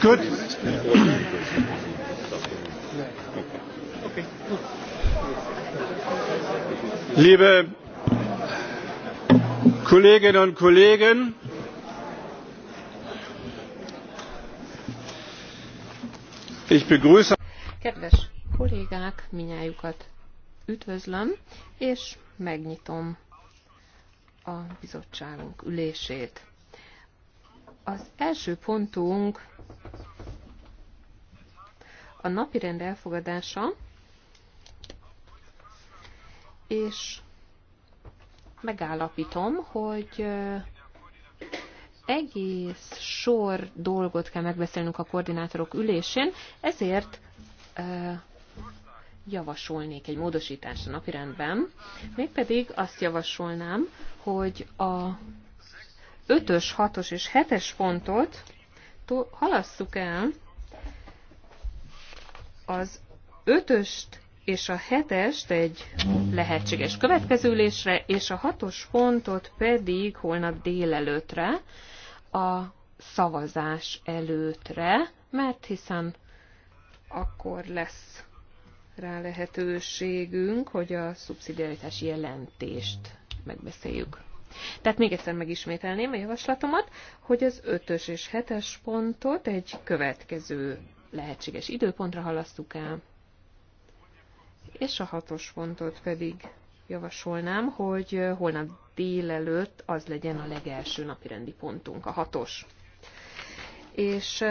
Good. Liebe Kolleginnen und Kollegen, ich begrüße. Kedves kollégák, minnyájukat üdvözlöm, és megnyitom a bizottságunk ülését. Az első pontunk a napirend elfogadása, és megállapítom, hogy egész sor dolgot kell megbeszélnünk a koordinátorok ülésén, ezért javasolnék egy módosítást a napirendben, mégpedig azt javasolnám, hogy a 5-ös, 6-os és 7-es pontot halasszuk el, az 5-öst és a 7-est egy lehetséges következő és a 6-os pontot pedig holnap délelőtre, a szavazás előttre, mert hiszen akkor lesz rá lehetőségünk, hogy a szubszidiaritási jelentést megbeszéljük. Tehát még egyszer megismételném a javaslatomat, hogy az 5-ös és 7-es pontot egy következő lehetséges időpontra halasztuk el, és a 6-os pontot pedig javasolnám, hogy holnap délelőtt az legyen a legelső napirendi pontunk, a 6-os. És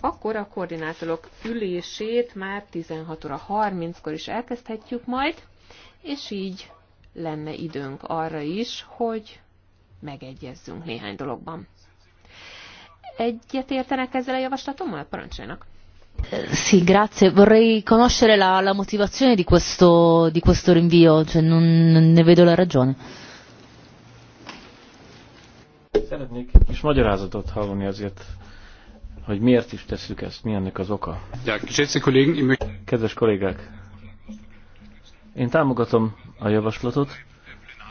akkor a koordinátorok ülését már 16 óra 30-kor is elkezdhetjük majd, és így lenne időnk arra is, hogy megegyezzünk néhány dologban. Egyet értenek ezzel a javaslatommal? Parancsoljanak! Sì, grazie. Vorrei conoscere la, la motivazione di questo, di questo rinvio, cioè non, non ne vedo la ragione. Szeretnék kis magyarázatot hallani azért, hogy miért is tesszük ezt, mi ennek az oka. Kedves kollégák, én támogatom a javaslatot.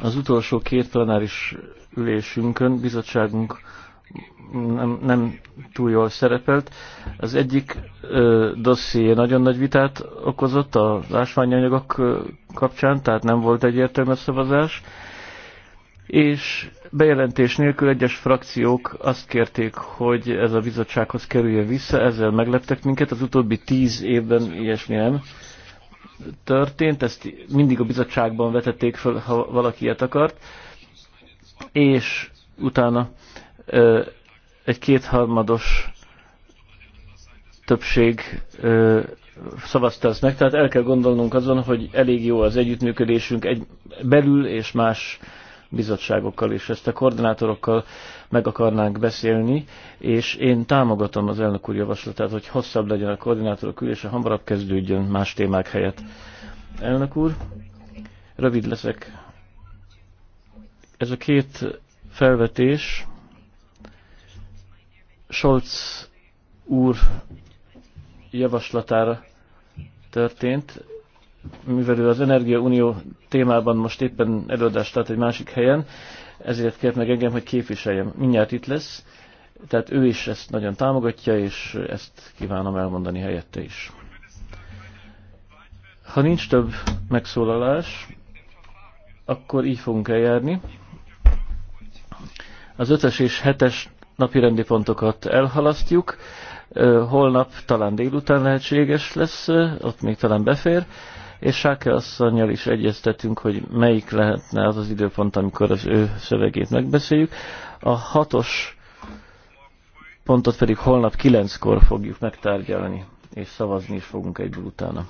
Az utolsó két plenáris ülésünkön bizottságunk nem, nem túl jól szerepelt. Az egyik ö, dosszié nagyon nagy vitát okozott az ásványanyagok kapcsán, tehát nem volt egyértelmű szavazás, és bejelentés nélkül egyes frakciók azt kérték, hogy ez a bizottsághoz kerüljön vissza, ezzel megleptek minket, az utóbbi tíz évben ilyesmi nem történt, ezt mindig a bizottságban vetették fel, ha valaki ilyet akart, és utána egy kétharmados többség szavazta ezt meg, tehát el kell gondolnunk azon, hogy elég jó az együttműködésünk egy belül és más bizottságokkal, és ezt a koordinátorokkal meg akarnánk beszélni, és én támogatom az elnök úr javaslatát, hogy hosszabb legyen a koordinátorok ülése, hamarabb kezdődjön más témák helyett. Elnök úr, rövid leszek. Ez a két felvetés Scholz úr javaslatára történt mivel ő az Energia Unió témában most éppen előadást tart egy másik helyen, ezért kért meg engem, hogy képviseljem. Mindjárt itt lesz, tehát ő is ezt nagyon támogatja, és ezt kívánom elmondani helyette is. Ha nincs több megszólalás, akkor így fogunk eljárni. Az ötös és hetes napi rendi pontokat elhalasztjuk. Holnap talán délután lehetséges lesz, ott még talán befér és Sáke asszonynal is egyeztetünk, hogy melyik lehetne az az időpont, amikor az ő szövegét megbeszéljük. A hatos pontot pedig holnap kilenckor fogjuk megtárgyalni, és szavazni is fogunk egyből utána.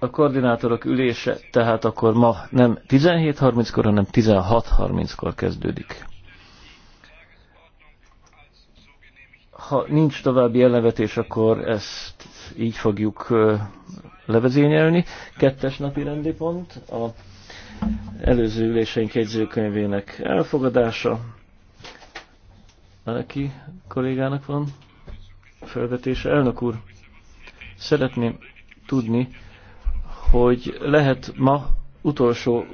A koordinátorok ülése tehát akkor ma nem 17.30-kor, hanem 16.30-kor kezdődik. Ha nincs további elnevetés, akkor ezt így fogjuk levezényelni. Kettes napi rendi pont, a előző üléseink jegyzőkönyvének elfogadása. Neki kollégának van felvetése. Elnök úr, szeretném tudni, hogy lehet ma utolsó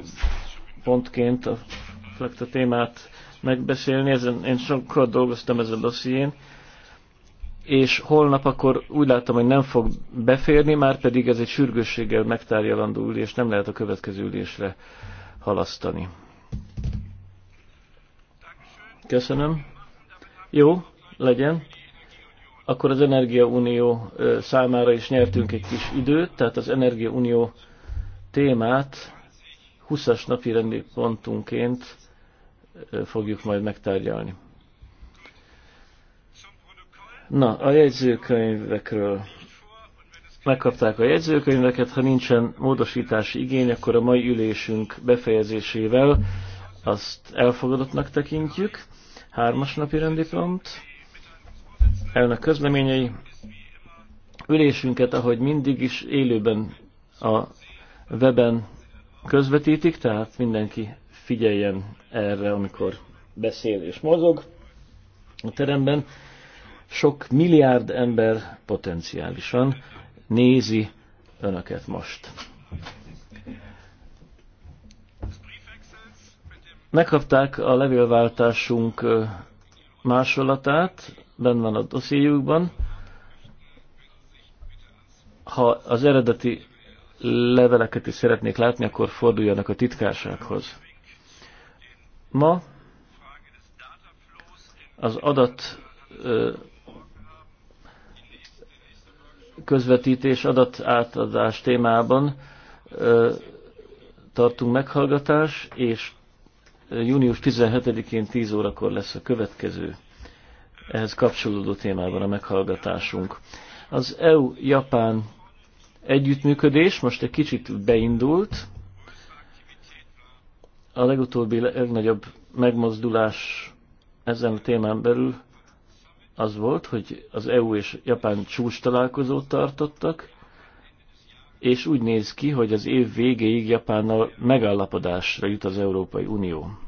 pontként a Flekta témát megbeszélni. Ezen, én sokkal dolgoztam ezen a dosszién és holnap akkor úgy látom, hogy nem fog beférni, már pedig ez egy sürgősséggel megtárgyalandó ülés, nem lehet a következő ülésre halasztani. Köszönöm. Jó, legyen. Akkor az Energiaunió számára is nyertünk egy kis időt, tehát az Energiaunió témát 20-as napi rendi pontunként fogjuk majd megtárgyalni. Na, a jegyzőkönyvekről. Megkapták a jegyzőkönyveket, ha nincsen módosítási igény, akkor a mai ülésünk befejezésével azt elfogadottnak tekintjük. Hármas napi rendi pont. Elnök közleményei. Ülésünket, ahogy mindig is élőben a weben közvetítik, tehát mindenki figyeljen erre, amikor beszél és mozog a teremben. Sok milliárd ember potenciálisan nézi önöket most. Megkapták a levélváltásunk másolatát, benn van a dossziéjukban. Ha az eredeti leveleket is szeretnék látni, akkor forduljanak a titkársághoz. Ma az adat közvetítés, adatátadás témában tartunk meghallgatás, és június 17-én 10 órakor lesz a következő ehhez kapcsolódó témában a meghallgatásunk. Az EU-Japán együttműködés most egy kicsit beindult. A legutóbbi legnagyobb megmozdulás ezen a témán belül az volt, hogy az EU és Japán csúcs találkozót tartottak, és úgy néz ki, hogy az év végéig Japánnal megállapodásra jut az Európai Unió.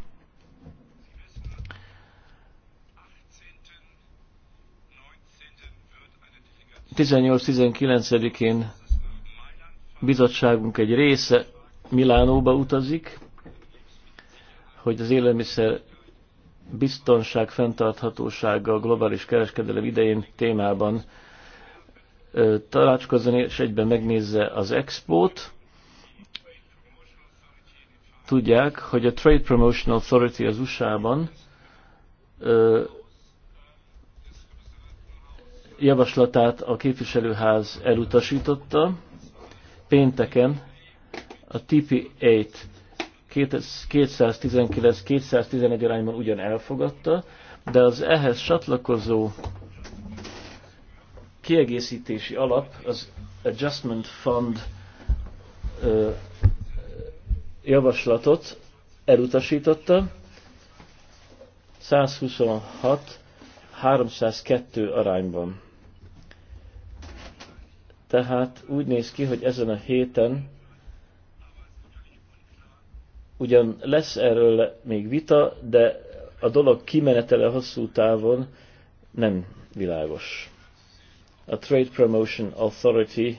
18 19 bizottságunk egy része Milánóba utazik, hogy az élelmiszer biztonság, fenntarthatósága a globális kereskedelem idején témában találkozzon, és egyben megnézze az expót. Tudják, hogy a Trade Promotion Authority az USA-ban javaslatát a képviselőház elutasította. Pénteken a TP8 219-211 arányban ugyan elfogadta, de az ehhez csatlakozó kiegészítési alap, az Adjustment Fund ö, javaslatot elutasította. 126-302 arányban. Tehát úgy néz ki, hogy ezen a héten Ugyan lesz erről még vita, de a dolog kimenetele hosszú távon nem világos. A Trade Promotion Authority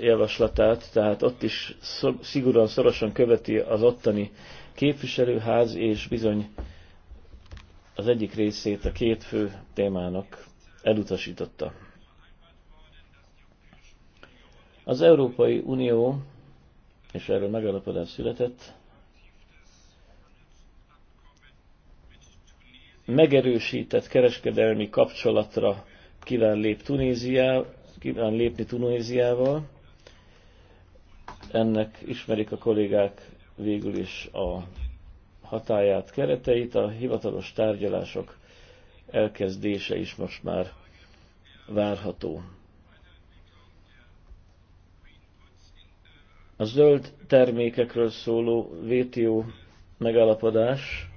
javaslatát, tehát ott is szigorúan szorosan követi az ottani képviselőház, és bizony az egyik részét a két fő témának elutasította. Az Európai Unió, és erről megalapodás született, megerősített kereskedelmi kapcsolatra kíván, lép Tunézia, kíván lépni Tunéziával. Ennek ismerik a kollégák végül is a hatáját, kereteit, a hivatalos tárgyalások elkezdése is most már várható. A zöld termékekről szóló VTO megállapodás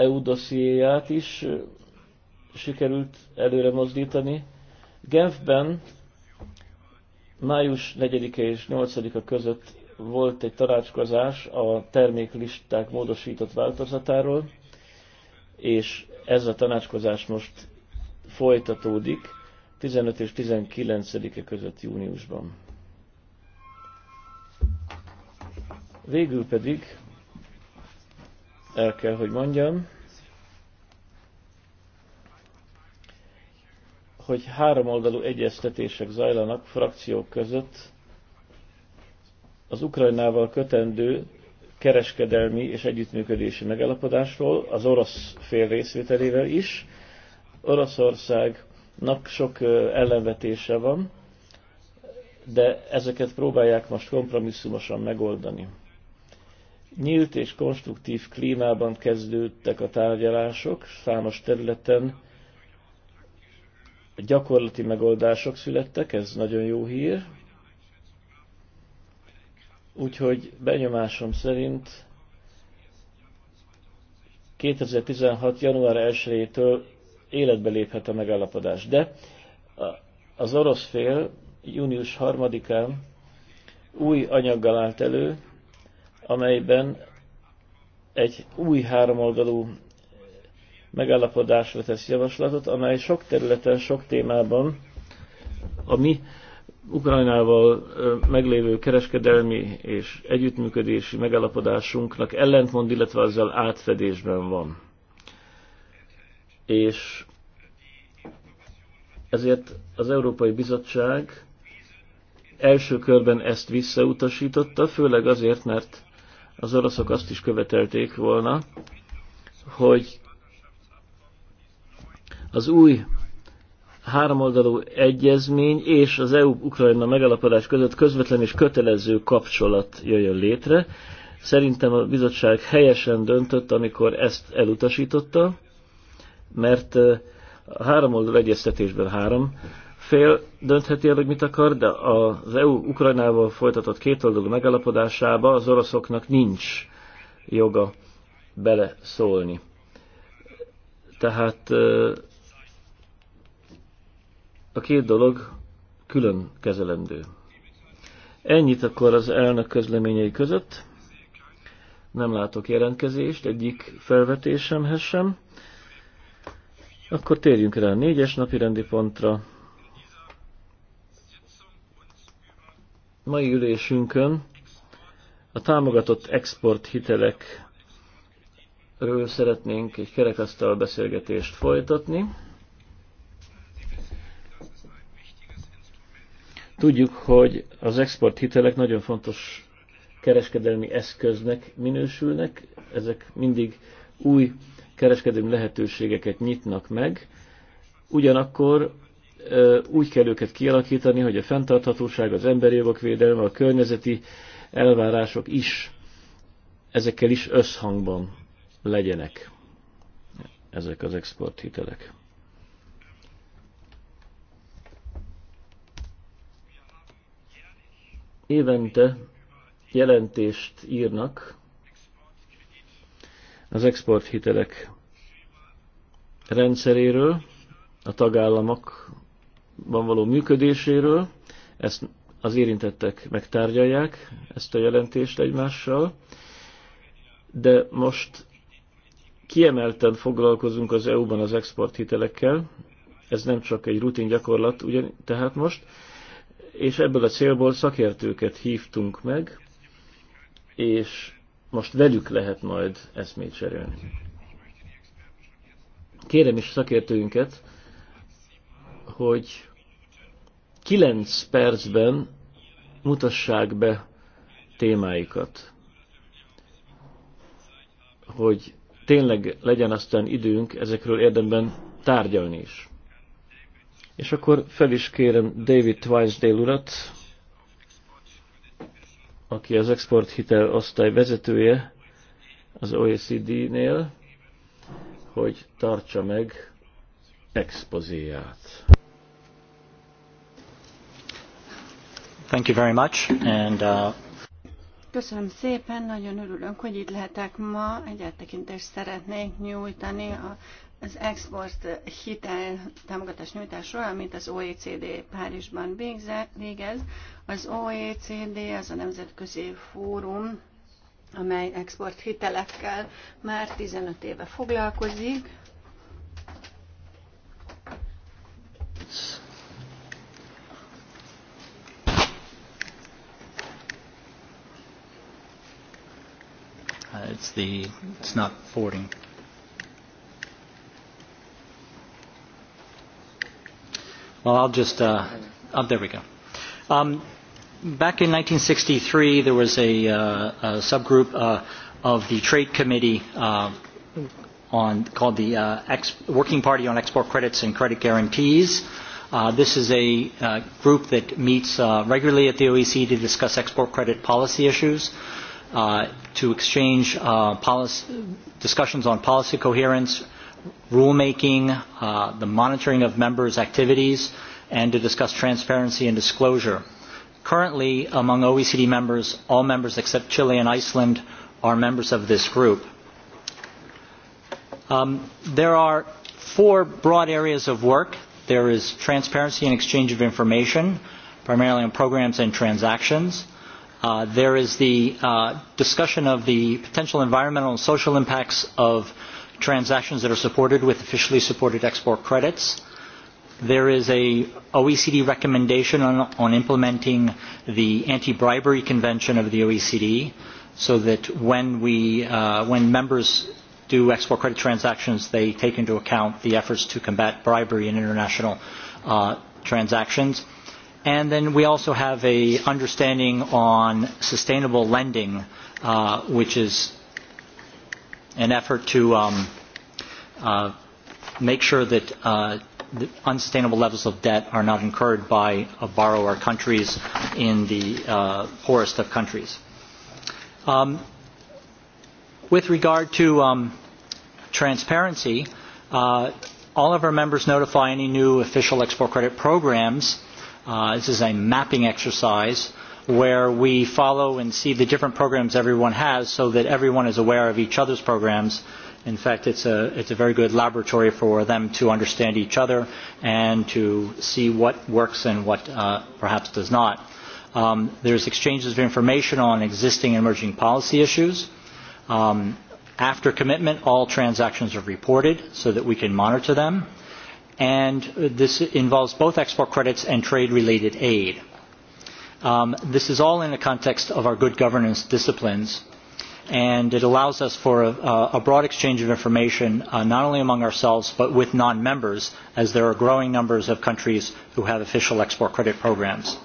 EU dossziéját is sikerült előre mozdítani. Genfben május 4-e és 8-a között volt egy tanácskozás a terméklisták módosított változatáról, és ez a tanácskozás most folytatódik 15 és 19-e között júniusban. Végül pedig el kell, hogy mondjam, hogy háromoldalú egyeztetések zajlanak frakciók között az Ukrajnával kötendő kereskedelmi és együttműködési megalapodásról, az orosz fél részvételével is. Oroszországnak sok ellenvetése van, de ezeket próbálják most kompromisszumosan megoldani. Nyílt és konstruktív klímában kezdődtek a tárgyalások, számos területen gyakorlati megoldások születtek, ez nagyon jó hír. Úgyhogy benyomásom szerint 2016. január 1-től életbe léphet a megállapodás. De az orosz fél június 3-án új anyaggal állt elő, amelyben egy új háromoldalú megállapodásra tesz javaslatot, amely sok területen, sok témában a mi Ukrajnával meglévő kereskedelmi és együttműködési megállapodásunknak ellentmond, illetve azzal átfedésben van. És ezért az Európai Bizottság első körben ezt visszautasította, főleg azért, mert az oroszok azt is követelték volna, hogy az új háromoldalú egyezmény és az EU-Ukrajna megalapodás között közvetlen és kötelező kapcsolat jöjjön létre. Szerintem a bizottság helyesen döntött, amikor ezt elutasította, mert a háromoldalú egyeztetésben három fél döntheti el, hogy mit akar, de az EU Ukrajnával folytatott kétoldalú megállapodásába az oroszoknak nincs joga beleszólni. Tehát a két dolog külön kezelendő. Ennyit akkor az elnök közleményei között. Nem látok jelentkezést egyik felvetésemhez sem. Akkor térjünk rá a négyes napi rendi pontra. mai ülésünkön a támogatott exporthitelekről szeretnénk egy kerekasztal beszélgetést folytatni. Tudjuk, hogy az exporthitelek nagyon fontos kereskedelmi eszköznek minősülnek, ezek mindig új kereskedelmi lehetőségeket nyitnak meg, ugyanakkor úgy kell őket kialakítani, hogy a fenntarthatóság, az emberi jogok védelme, a környezeti elvárások is ezekkel is összhangban legyenek ezek az exporthitelek. Évente jelentést írnak az exporthitelek rendszeréről, a tagállamok való működéséről. Ezt az érintettek megtárgyalják, ezt a jelentést egymással. De most kiemelten foglalkozunk az EU-ban az exporthitelekkel, ez nem csak egy rutin gyakorlat, ugyan, tehát most, és ebből a célból szakértőket hívtunk meg, és most velük lehet majd eszmét cserélni. Kérem is szakértőinket, hogy 9 percben mutassák be témáikat, hogy tényleg legyen aztán időnk ezekről érdemben tárgyalni is. És akkor fel is kérem David Twice urat, aki az exporthitel osztály vezetője az OECD-nél, hogy tartsa meg expozéját. Thank you very much. And, uh... Köszönöm szépen, nagyon örülök, hogy itt lehetek ma. Egy áttekintést szeretnék nyújtani a az export hitel támogatás nyújtásról, amit az OECD Párizsban végze, végez. Az OECD az a nemzetközi fórum, amely export hitelekkel már 15 éve foglalkozik. It's the it's not forwarding. Well, I'll just uh, oh, there we go. Um, back in 1963, there was a, uh, a subgroup uh, of the Trade Committee uh, on called the uh, ex, Working Party on Export Credits and Credit Guarantees. Uh, this is a uh, group that meets uh, regularly at the OEC to discuss export credit policy issues. Uh, to exchange uh, policy, discussions on policy coherence, rulemaking, uh, the monitoring of members' activities, and to discuss transparency and disclosure. Currently, among OECD members, all members except Chile and Iceland are members of this group. Um, there are four broad areas of work. There is transparency and exchange of information, primarily on programs and transactions. Uh, there is the uh, discussion of the potential environmental and social impacts of transactions that are supported with officially supported export credits. There is a OECD recommendation on, on implementing the anti-bribery convention of the OECD so that when, we, uh, when members do export credit transactions, they take into account the efforts to combat bribery in international uh, transactions. And then we also have a understanding on sustainable lending, uh, which is an effort to um, uh, make sure that uh, the unsustainable levels of debt are not incurred by a borrower countries in the uh, poorest of countries. Um, with regard to um, transparency, uh, all of our members notify any new official export credit programs uh, Uh, this is a mapping exercise where we follow and see the different programs everyone has so that everyone is aware of each other's programs. In fact, it's a, it's a very good laboratory for them to understand each other and to see what works and what uh, perhaps does not. Um, there's exchanges of information on existing and emerging policy issues. Um, after commitment, all transactions are reported so that we can monitor them. Uh, and uh, this involves both export credits and trade-related aid. Um, this is all in the context of our good governance disciplines, and it allows us for a, a broad exchange of information, uh, not only among ourselves, but with non-members, as there are growing numbers of countries who have official export credit programs.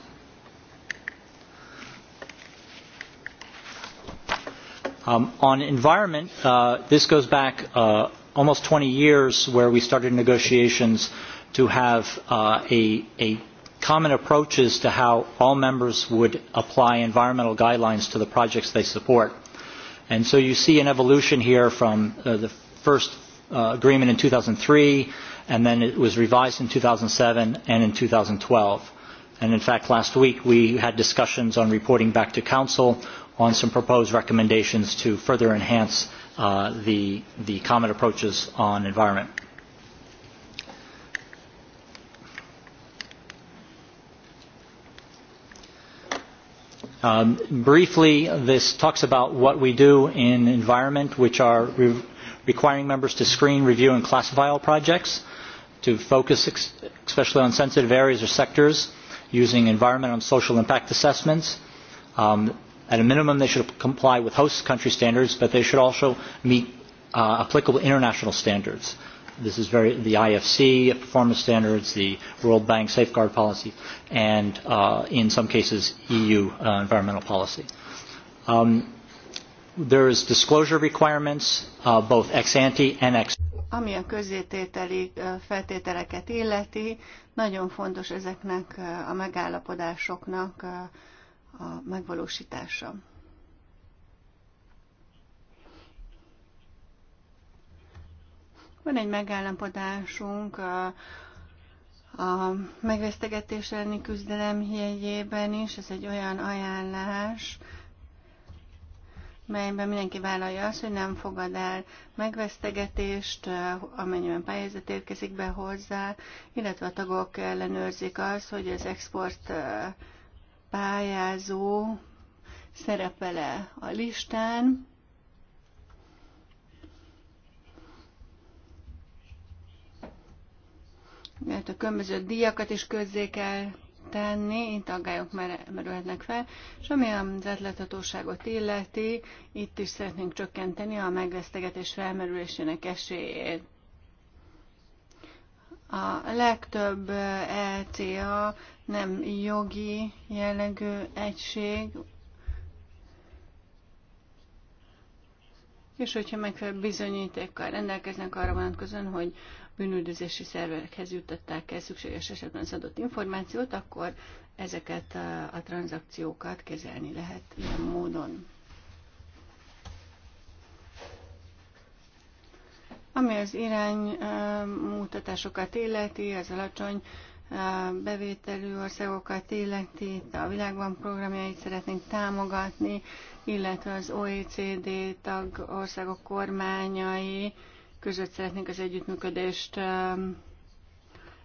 Um, on environment, uh, this goes back uh, almost 20 years where we started negotiations to have uh, a, a common approaches to how all members would apply environmental guidelines to the projects they support. And so you see an evolution here from uh, the first uh, agreement in 2003, and then it was revised in 2007 and in 2012. And in fact, last week we had discussions on reporting back to Council on some proposed recommendations to further enhance uh, the, the common approaches on environment. Um, briefly, this talks about what we do in environment, which are re requiring members to screen, review, and classify all projects, to focus ex especially on sensitive areas or sectors, using environment and social impact assessments, um, At a minimum, they should comply with host country standards, but they should also meet uh, applicable international standards. This is very the IFC performance standards, the World Bank safeguard policy, and uh, in some cases EU uh, environmental policy. Um, there is disclosure requirements, uh, both ex ante and ex. Ami a közzétételi uh, feltételeket illeti, nagyon fontos ezeknek uh, a megállapodásoknak Uh, a megvalósítása. Van egy megállapodásunk a, a megvesztegetés elleni küzdelem hiegyében is, ez egy olyan ajánlás, melyben mindenki vállalja azt, hogy nem fogad el megvesztegetést, eh, amennyiben pályázat érkezik be hozzá, illetve a tagok ellenőrzik azt, hogy az export eh, pályázó szerepele a listán. Mert a különböző díjakat is közzé kell tenni, itt aggályok merülhetnek fel, és ami az átláthatóságot illeti, itt is szeretnénk csökkenteni a megvesztegetés felmerülésének esélyét. A legtöbb LCA eh, e nem jogi jellegű egység, és hogyha megfelelő bizonyítékkal rendelkeznek arra vonatkozóan, hogy bűnüldözési szervekhez juttatták el szükséges esetben az adott információt, akkor ezeket a, a tranzakciókat kezelni lehet ilyen módon. Ami az iránymutatásokat illeti, az alacsony bevételű országokat illeti, a világban programjait szeretnénk támogatni, illetve az OECD tag országok kormányai között szeretnénk az együttműködést um,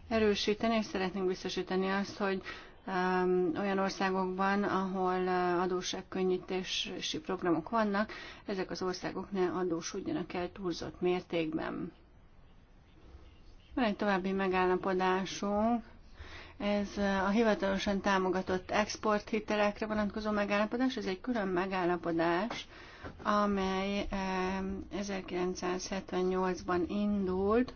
erősíteni, és szeretnénk biztosítani azt, hogy um, olyan országokban, ahol uh, adóságkönnyítési programok vannak, ezek az országok ne adósodjanak el túlzott mértékben. Van egy további megállapodásunk ez a hivatalosan támogatott exporthitelekre vonatkozó megállapodás, ez egy külön megállapodás, amely 1978-ban indult.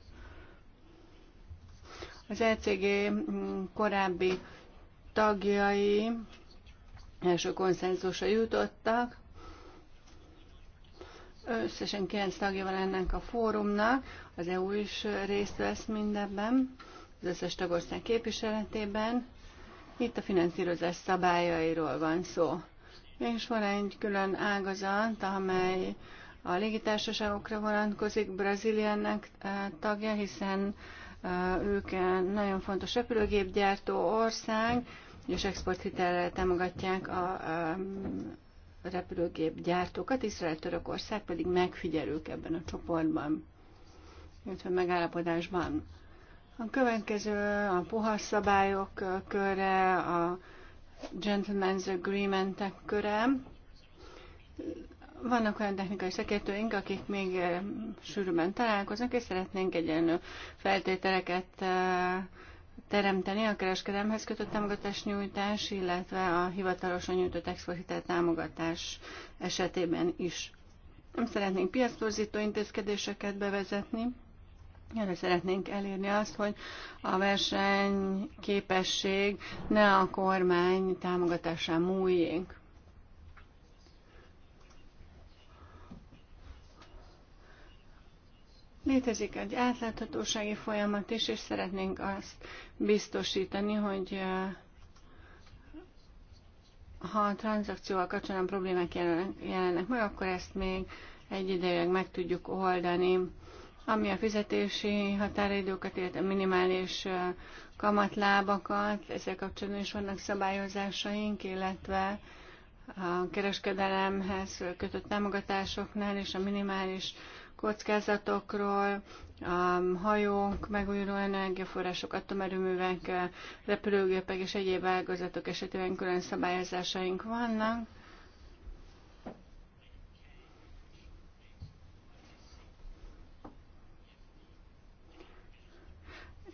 Az ECG mm, korábbi tagjai első konszenzusra jutottak. Összesen 9 tagja van ennek a fórumnak, az EU is részt vesz mindebben az összes tagország képviseletében. Itt a finanszírozás szabályairól van szó. És van egy külön ágazat, amely a légitársaságokra vonatkozik, Brazíliának eh, tagja, hiszen eh, ők eh, nagyon fontos repülőgépgyártó ország, és exporthitelre támogatják a repülőgépgyártókat, Izrael Törökország pedig megfigyelők ebben a csoportban, illetve megállapodásban. A következő a puha szabályok köre, a gentleman's Agreement köre. Vannak olyan technikai szakértőink, akik még eh, sűrűben találkoznak, és szeretnénk egyenlő feltételeket eh, teremteni a kereskedelmhez kötött támogatás nyújtás, illetve a hivatalosan nyújtott exporthitel támogatás esetében is. Nem szeretnénk piactorzító intézkedéseket bevezetni, erre szeretnénk elérni azt, hogy a verseny képesség ne a kormány támogatásán múljék. Létezik egy átláthatósági folyamat is, és szeretnénk azt biztosítani, hogy eh, ha a tranzakcióval kapcsolatban problémák jelennek meg, akkor ezt még egy ideig meg tudjuk oldani ami a fizetési határidőket, illetve minimális kamatlábakat, ezzel kapcsolatban is vannak szabályozásaink, illetve a kereskedelemhez kötött támogatásoknál és a minimális kockázatokról, a hajók, megújuló energiaforrások, atomerőművek, repülőgépek és egyéb ágazatok esetében külön szabályozásaink vannak.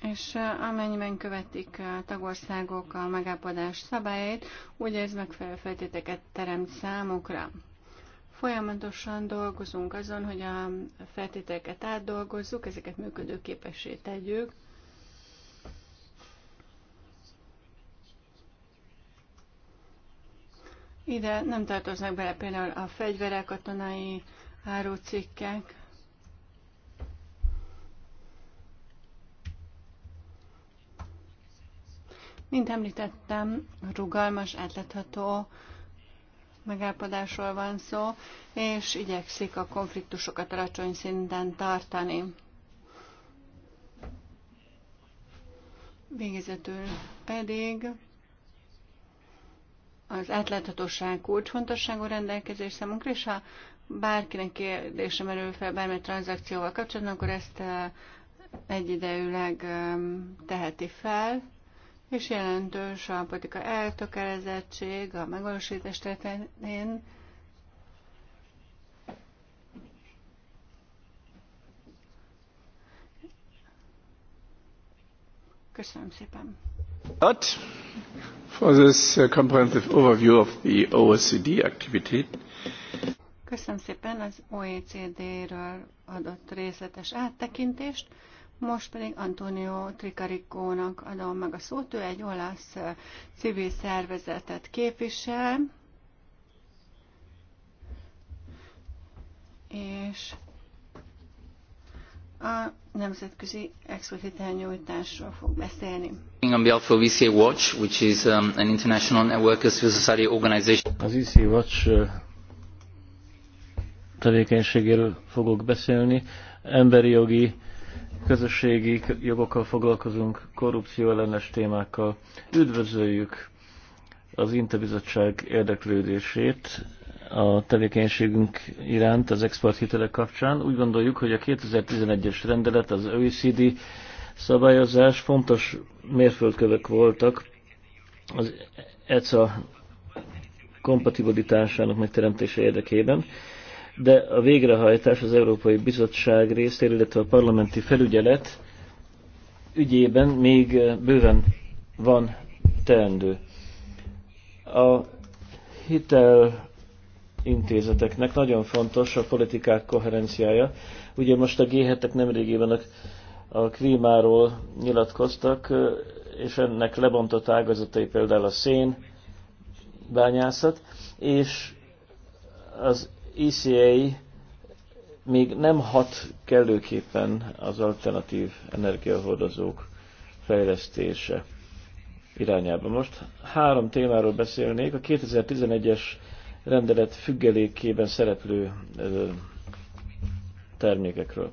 és amennyiben követik a tagországok a megállapodás szabályait, úgy ez megfelelő feltéteket teremt számukra. Folyamatosan dolgozunk azon, hogy a feltételeket átdolgozzuk, ezeket működőképessé tegyük. Ide nem tartoznak bele például a fegyverek, katonai árucikkek, Mint említettem, rugalmas, átlátható megállapodásról van szó, és igyekszik a konfliktusokat alacsony szinten tartani. Végezetül pedig az átláthatóság kulcsfontosságú rendelkezés számunkra, és ha bárkinek kérdése merül fel bármely tranzakcióval kapcsolatban, akkor ezt eh, egyidejűleg eh, teheti fel és jelentős a politika eltökelezettség a megvalósítás területén, Köszönöm szépen. But for this uh, comprehensive overview of the OECD activity. Köszönöm szépen az OECD-ről adott részletes áttekintést. Most pedig Antonio Tricaricónak adom meg a szót, ő egy olasz civil szervezetet képvisel, és a nemzetközi exporthitelnyújtásról fog beszélni. On behalf of ECA Watch, which is um, an international workers civil society organization. Az ECA Watch tevékenységéről fogok beszélni. Emberi jogi közösségi jogokkal foglalkozunk, korrupció ellenes témákkal. Üdvözöljük az Interbizottság érdeklődését a tevékenységünk iránt az hitelek kapcsán. Úgy gondoljuk, hogy a 2011-es rendelet, az OECD szabályozás fontos mérföldkövek voltak az ECA kompatibilitásának megteremtése érdekében de a végrehajtás az Európai Bizottság részéről, illetve a parlamenti felügyelet ügyében még bőven van teendő. A hitel intézeteknek nagyon fontos a politikák koherenciája. Ugye most a G7-ek nemrégében a, klímáról nyilatkoztak, és ennek lebontott ágazatai például a szén bányászat, és az ECA még nem hat kellőképpen az alternatív energiahordozók fejlesztése irányába. Most három témáról beszélnék. A 2011-es rendelet függelékében szereplő termékekről.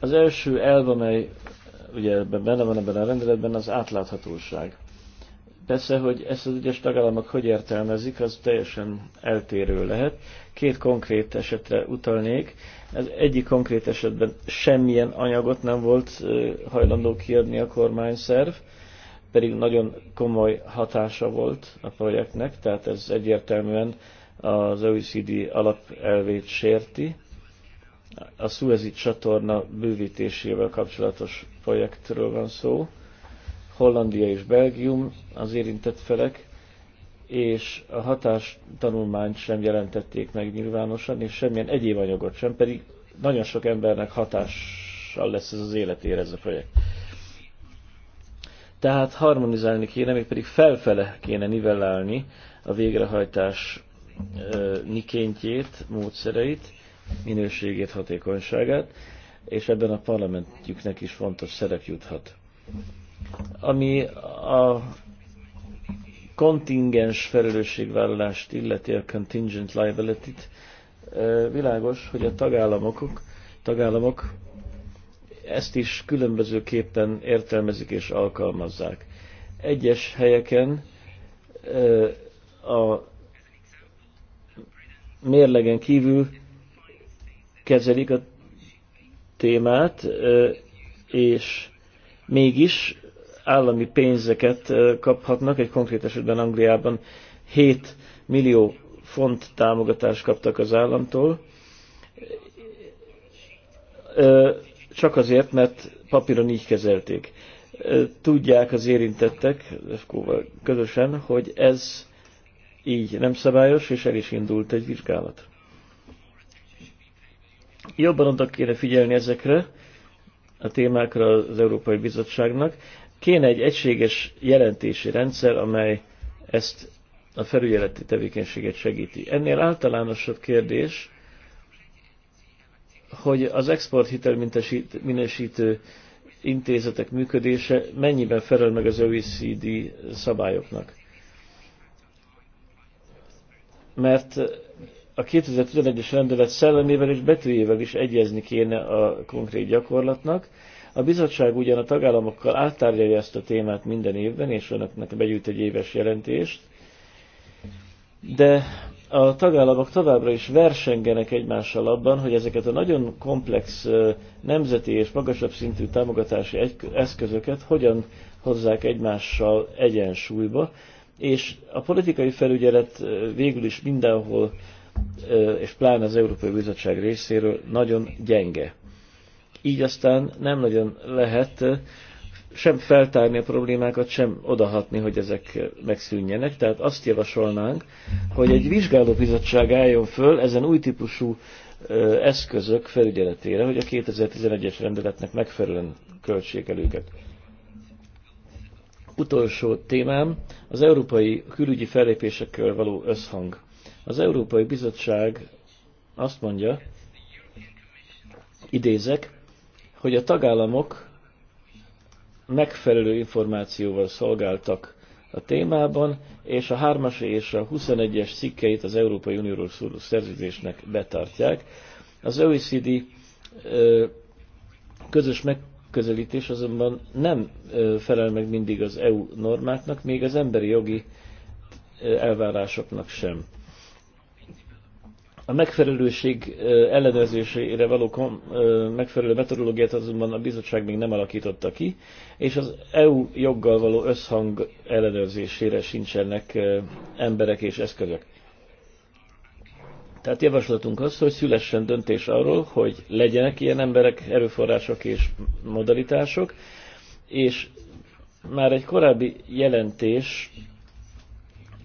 Az első elv, amely ugye ebben benne van ebben a rendeletben, az átláthatóság. Persze, hogy ezt az egyes tagállamok hogy értelmezik, az teljesen eltérő lehet. Két konkrét esetre utalnék. Ez egyik konkrét esetben semmilyen anyagot nem volt hajlandó kiadni a kormányszerv, pedig nagyon komoly hatása volt a projektnek, tehát ez egyértelműen az OECD alapelvét sérti. A Suezi csatorna bővítésével kapcsolatos projektről van szó Hollandia és Belgium az érintett felek, és a hatástanulmányt sem jelentették meg nyilvánosan, és semmilyen egyéb anyagot sem, pedig nagyon sok embernek hatással lesz ez az életére ez a projekt. Tehát harmonizálni kéne, még pedig felfele kéne nivellálni a végrehajtás nikéntjét, módszereit, minőségét, hatékonyságát, és ebben a parlamentjüknek is fontos szerep juthat. Ami a kontingens felelősségvállalást illeti a contingent liability-t, világos, hogy a tagállamok, tagállamok ezt is különbözőképpen értelmezik és alkalmazzák. Egyes helyeken a mérlegen kívül kezelik a témát, és mégis állami pénzeket kaphatnak, egy konkrét esetben Angliában 7 millió font támogatást kaptak az államtól, csak azért, mert papíron így kezelték. Tudják az érintettek, FK-val közösen, hogy ez így nem szabályos, és el is indult egy vizsgálat. Jobban oda kéne figyelni ezekre a témákra az Európai Bizottságnak, Kéne egy egységes jelentési rendszer, amely ezt a felügyeleti tevékenységet segíti. Ennél általánosabb kérdés, hogy az export minősítő intézetek működése mennyiben felel meg az OECD szabályoknak. Mert a 2011-es rendelet szellemével és betűjével is egyezni kéne a konkrét gyakorlatnak, a bizottság ugyan a tagállamokkal áttárgyalja ezt a témát minden évben, és önöknek begyűjt egy éves jelentést, de a tagállamok továbbra is versengenek egymással abban, hogy ezeket a nagyon komplex nemzeti és magasabb szintű támogatási eszközöket hogyan hozzák egymással egyensúlyba, és a politikai felügyelet végül is mindenhol, és pláne az Európai Bizottság részéről nagyon gyenge így aztán nem nagyon lehet eh, sem feltárni a problémákat, sem odahatni, hogy ezek eh, megszűnjenek. Tehát azt javasolnánk, hogy egy vizsgálóbizottság álljon föl ezen új típusú eh, eszközök felügyeletére, hogy a 2011-es rendeletnek megfelelően el őket. Utolsó témám az európai külügyi fellépésekkel való összhang. Az Európai Bizottság azt mondja, idézek, hogy a tagállamok megfelelő információval szolgáltak a témában, és a 3-as és a 21-es cikkeit az Európai Unióról szóló szerződésnek betartják. Az OECD közös megközelítés azonban nem felel meg mindig az EU normáknak, még az emberi jogi elvárásoknak sem. A megfelelőség ellenőrzésére való megfelelő metodológiát azonban a bizottság még nem alakította ki, és az EU joggal való összhang ellenőrzésére sincsenek emberek és eszközök. Tehát javaslatunk az, hogy szülessen döntés arról, hogy legyenek ilyen emberek, erőforrások és modalitások, és már egy korábbi jelentés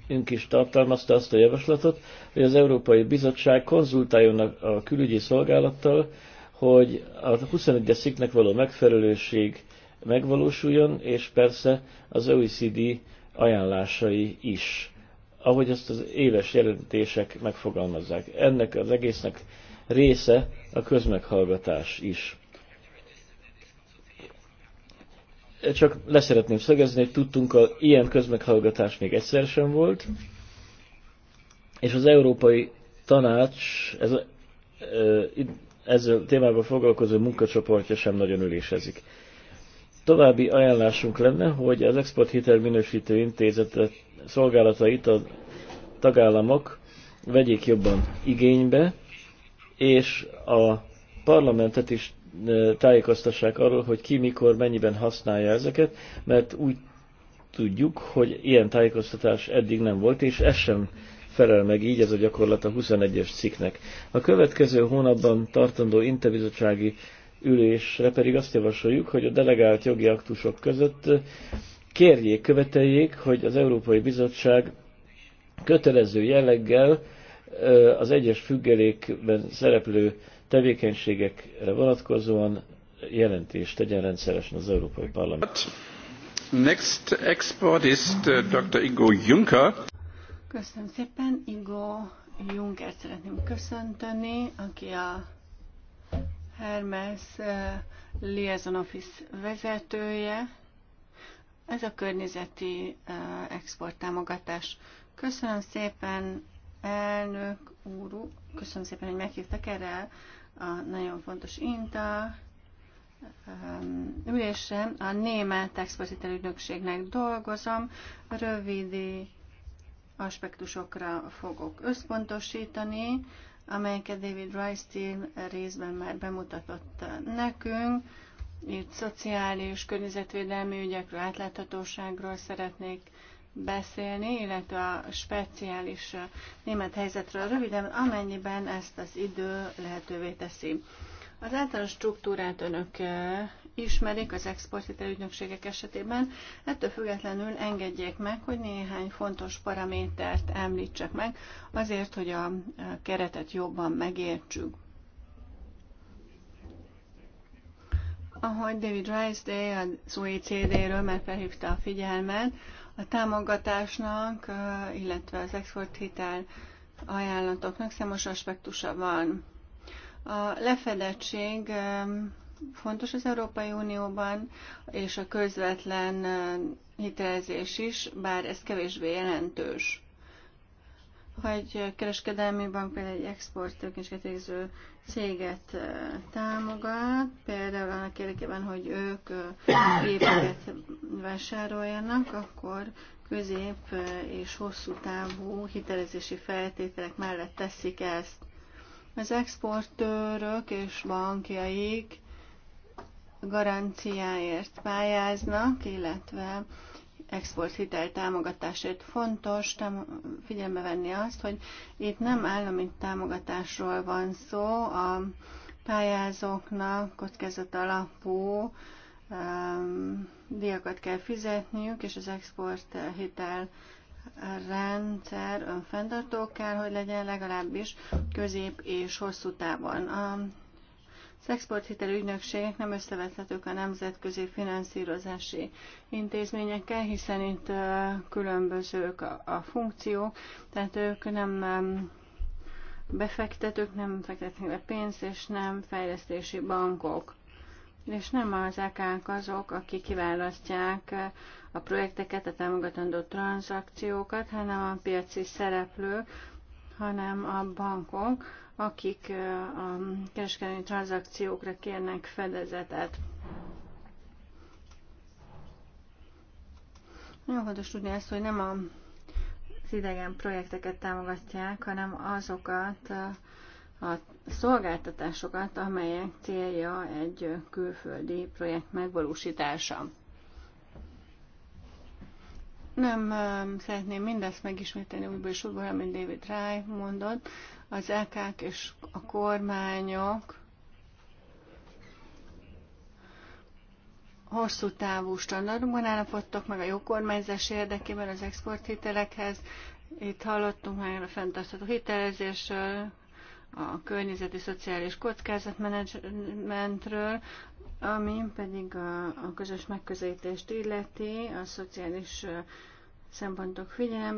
ünk is tartalmazta azt a javaslatot, hogy az Európai Bizottság konzultáljon a külügyi szolgálattal, hogy a 21 sziknek való megfelelőség megvalósuljon, és persze az OECD ajánlásai is, ahogy ezt az éves jelentések megfogalmazzák. Ennek az egésznek része a közmeghallgatás is. csak leszeretném szögezni, hogy tudtunk, a ilyen közmeghallgatás még egyszer sem volt, és az Európai Tanács ez, ezzel témával foglalkozó munkacsoportja sem nagyon ülésezik. További ajánlásunk lenne, hogy az Hitel Minősítő Intézet szolgálatait a tagállamok vegyék jobban igénybe, és a parlamentet is tájékoztassák arról, hogy ki mikor mennyiben használja ezeket, mert úgy tudjuk, hogy ilyen tájékoztatás eddig nem volt, és ez sem felel meg így ez a gyakorlat a 21-es cikknek. A következő hónapban tartandó interbizottsági ülésre pedig azt javasoljuk, hogy a delegált jogi aktusok között kérjék, követeljék, hogy az Európai Bizottság kötelező jelleggel az egyes függelékben szereplő tevékenységekre vonatkozóan jelentést tegyen rendszeresen az Európai Parlament. Next export is uh, Dr. Ingo Juncker. Köszönöm szépen. Ingo Juncker szeretném köszönteni, aki a Hermes uh, Liaison Office vezetője. Ez a környezeti uh, export támogatás. Köszönöm szépen elnök úr, köszönöm szépen, hogy meghívtak erre a nagyon fontos INTA ehm, ülésre. A német expozitel ügynökségnek dolgozom, rövidi aspektusokra fogok összpontosítani, amelyeket David rice részben már bemutatott nekünk. Itt szociális, környezetvédelmi ügyekről, átláthatóságról szeretnék beszélni, illetve a speciális német helyzetről röviden, amennyiben ezt az idő lehetővé teszi. Az általános struktúrát önök ismerik az exporthitel ügynökségek esetében, ettől függetlenül engedjék meg, hogy néhány fontos paramétert említsek meg, azért, hogy a keretet jobban megértsük. Ahogy David Rice Day az OECD-ről már felhívta a figyelmet, a támogatásnak, illetve az exporthitel ajánlatoknak számos aspektusa van. A lefedettség fontos az Európai Unióban, és a közvetlen hitelezés is, bár ez kevésbé jelentős ha egy kereskedelmi bank például egy exportőként végző céget támogat, például annak érdekében, hogy ők gépeket vásároljanak, akkor közép és hosszú távú hitelezési feltételek mellett teszik ezt. Az exportőrök és bankjaik garanciáért pályáznak, illetve exporthitel támogatásért fontos tám- figyelme venni azt, hogy itt nem állami támogatásról van szó, a pályázóknak kockázat alapú um, díjakat kell fizetniük, és az exporthitel rendszer önfenntartó kell, hogy legyen legalábbis közép és hosszú távon. A az exporthitel ügynökségek nem összevethetők a nemzetközi finanszírozási intézményekkel, hiszen itt különbözők a, a funkciók, tehát ők nem befektetők, nem fektetnek be pénzt, és nem fejlesztési bankok. És nem az AK-k azok, akik kiválasztják a projekteket, a támogatandó tranzakciókat, hanem a piaci szereplők, hanem a bankok, akik a kereskedelmi tranzakciókra kérnek fedezetet. Nagyon fontos tudni ezt, hogy nem az idegen projekteket támogatják, hanem azokat a szolgáltatásokat, amelyek célja egy külföldi projekt megvalósítása. Nem um, szeretném mindezt megismételni újból és újból, amit David Rye mondott. Az ek és a kormányok hosszú távú standardokban állapodtak meg a jó kormányzás érdekében az exporthitelekhez. Itt hallottunk már a fenntartható hitelezésről, a környezeti szociális kockázatmenedzsmentről, ami pedig a, a közös megközelítést illeti, a szociális szempontok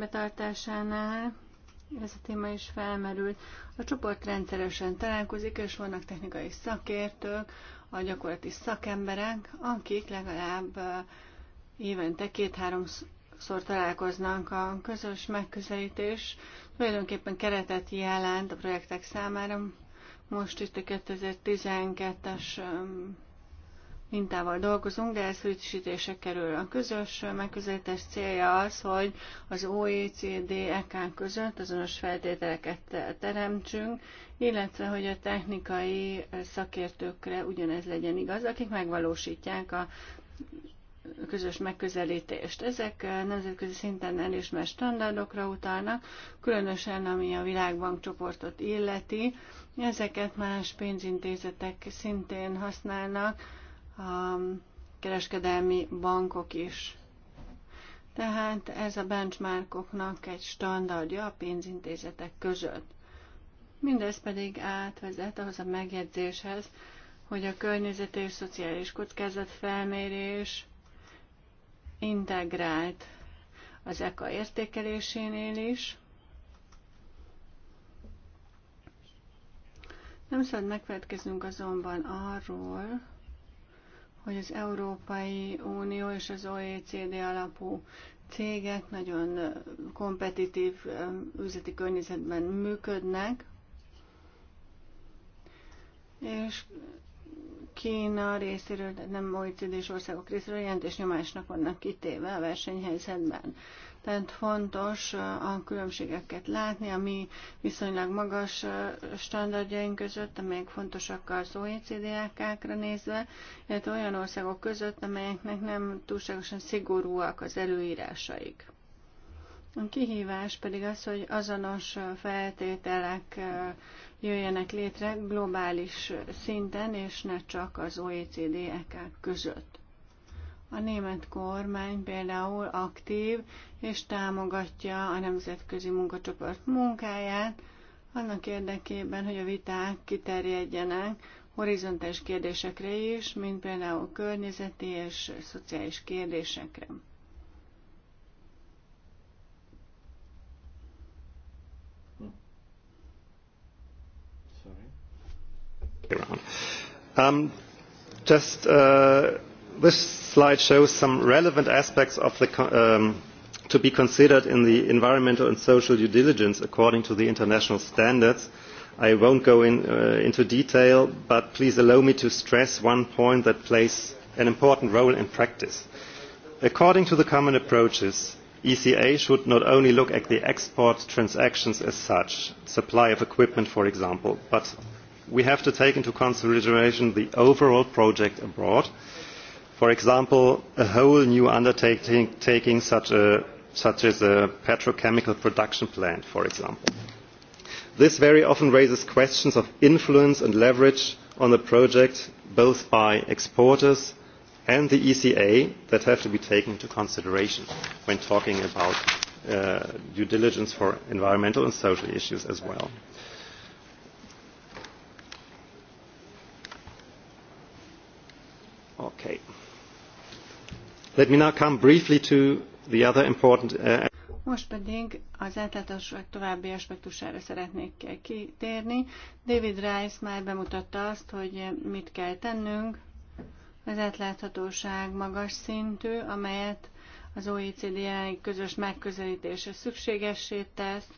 tartásánál, ez a téma is felmerült. A csoport rendszeresen találkozik, és vannak technikai szakértők, a gyakorlati szakemberek, akik legalább évente két-háromszor találkoznak a közös megközelítés. Tulajdonképpen keretet jelent a projektek számára. Most itt a 2012-es mintával dolgozunk, de ez frissítése kerül. A közös megközelítés célja az, hogy az OECD EK között azonos feltételeket teremtsünk, illetve hogy a technikai szakértőkre ugyanez legyen igaz, akik megvalósítják a közös megközelítést. Ezek nemzetközi szinten elismert standardokra utalnak, különösen ami a Világbank csoportot illeti. Ezeket más pénzintézetek szintén használnak, a kereskedelmi bankok is. Tehát ez a benchmarkoknak egy standardja a pénzintézetek között. Mindez pedig átvezet ahhoz a megjegyzéshez, hogy a környezet és szociális felmérés, integrált az ECA értékelésénél is. Nem szabad megfelelkeznünk azonban arról, hogy az Európai Unió és az OECD alapú cégek nagyon kompetitív üzleti környezetben működnek, és Kína részéről, nem OECD-s országok részéről jelentős nyomásnak vannak kitéve a versenyhelyzetben tehát fontos a különbségeket látni, ami viszonylag magas standardjaink között, amelyek fontosak az OECD ákra nézve, illetve olyan országok között, amelyeknek nem túlságosan szigorúak az előírásaik. A kihívás pedig az, hogy azonos feltételek jöjjenek létre globális szinten, és ne csak az OECD ek között. A német kormány például aktív és támogatja a nemzetközi munkacsoport munkáját, annak érdekében, hogy a viták kiterjedjenek horizontális kérdésekre is, mint például környezeti és szociális kérdésekre. Um, just uh, this slide shows some relevant aspects um, to be considered in the environmental and social due diligence according to the international standards. I will not go uh, into detail, but please allow me to stress one point that plays an important role in practice. According to the common approaches, ECA should not only look at the export transactions as such, supply of equipment for example, but we have to take into consideration the overall project abroad, for example a whole new undertaking such, as a petrochemical production plant for example. this very often raises questions of influence and leverage on the project both by exporters and the eca that have to be taken into consideration when talking about uh, due diligence for environmental and social issues as well. Okay. Let me now come briefly to the other important uh, most pedig az átláthatóság további aspektusára szeretnék kitérni. David Rice már bemutatta azt, hogy mit kell tennünk. Az átláthatóság magas szintű, amelyet az oecd egy közös megközelítése szükségessé tesz.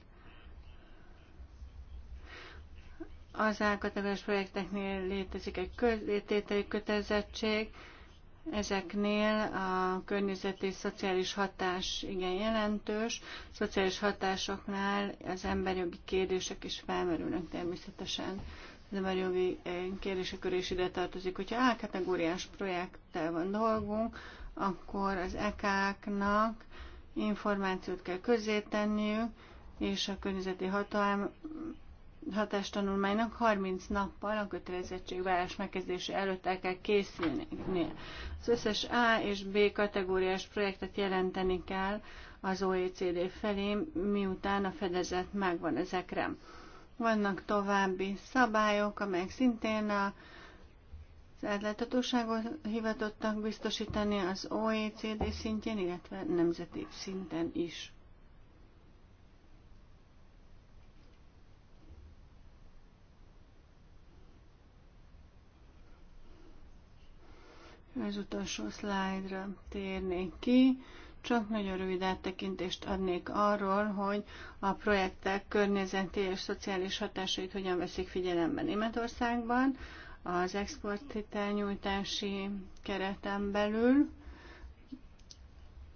Az a projekteknél létezik egy közétételi kötelezettség, Ezeknél a környezeti és szociális hatás igen jelentős, a szociális hatásoknál az emberjogi kérdések is felmerülnek természetesen. Az emberjogi eh, kérdésekör is ide tartozik. Hogyha A kategóriás projekttel van dolgunk, akkor az EK-nak információt kell közzétenniük, és a környezeti hatalom, hatástanulmánynak 30 nappal a kötelezettségvállás megkezdése előtt el kell készülni. Az összes A és B kategóriás projektet jelenteni kell az OECD felé, miután a fedezet megvan ezekre. Vannak további szabályok, amelyek szintén a az átláthatóságot hivatottak biztosítani az OECD szintjén, illetve nemzeti szinten is. Az utolsó szlájdra térnék ki, csak nagyon rövid áttekintést adnék arról, hogy a projektek környezeti és szociális hatásait hogyan veszik figyelembe Németországban, az exporthitelnyújtási kereten belül.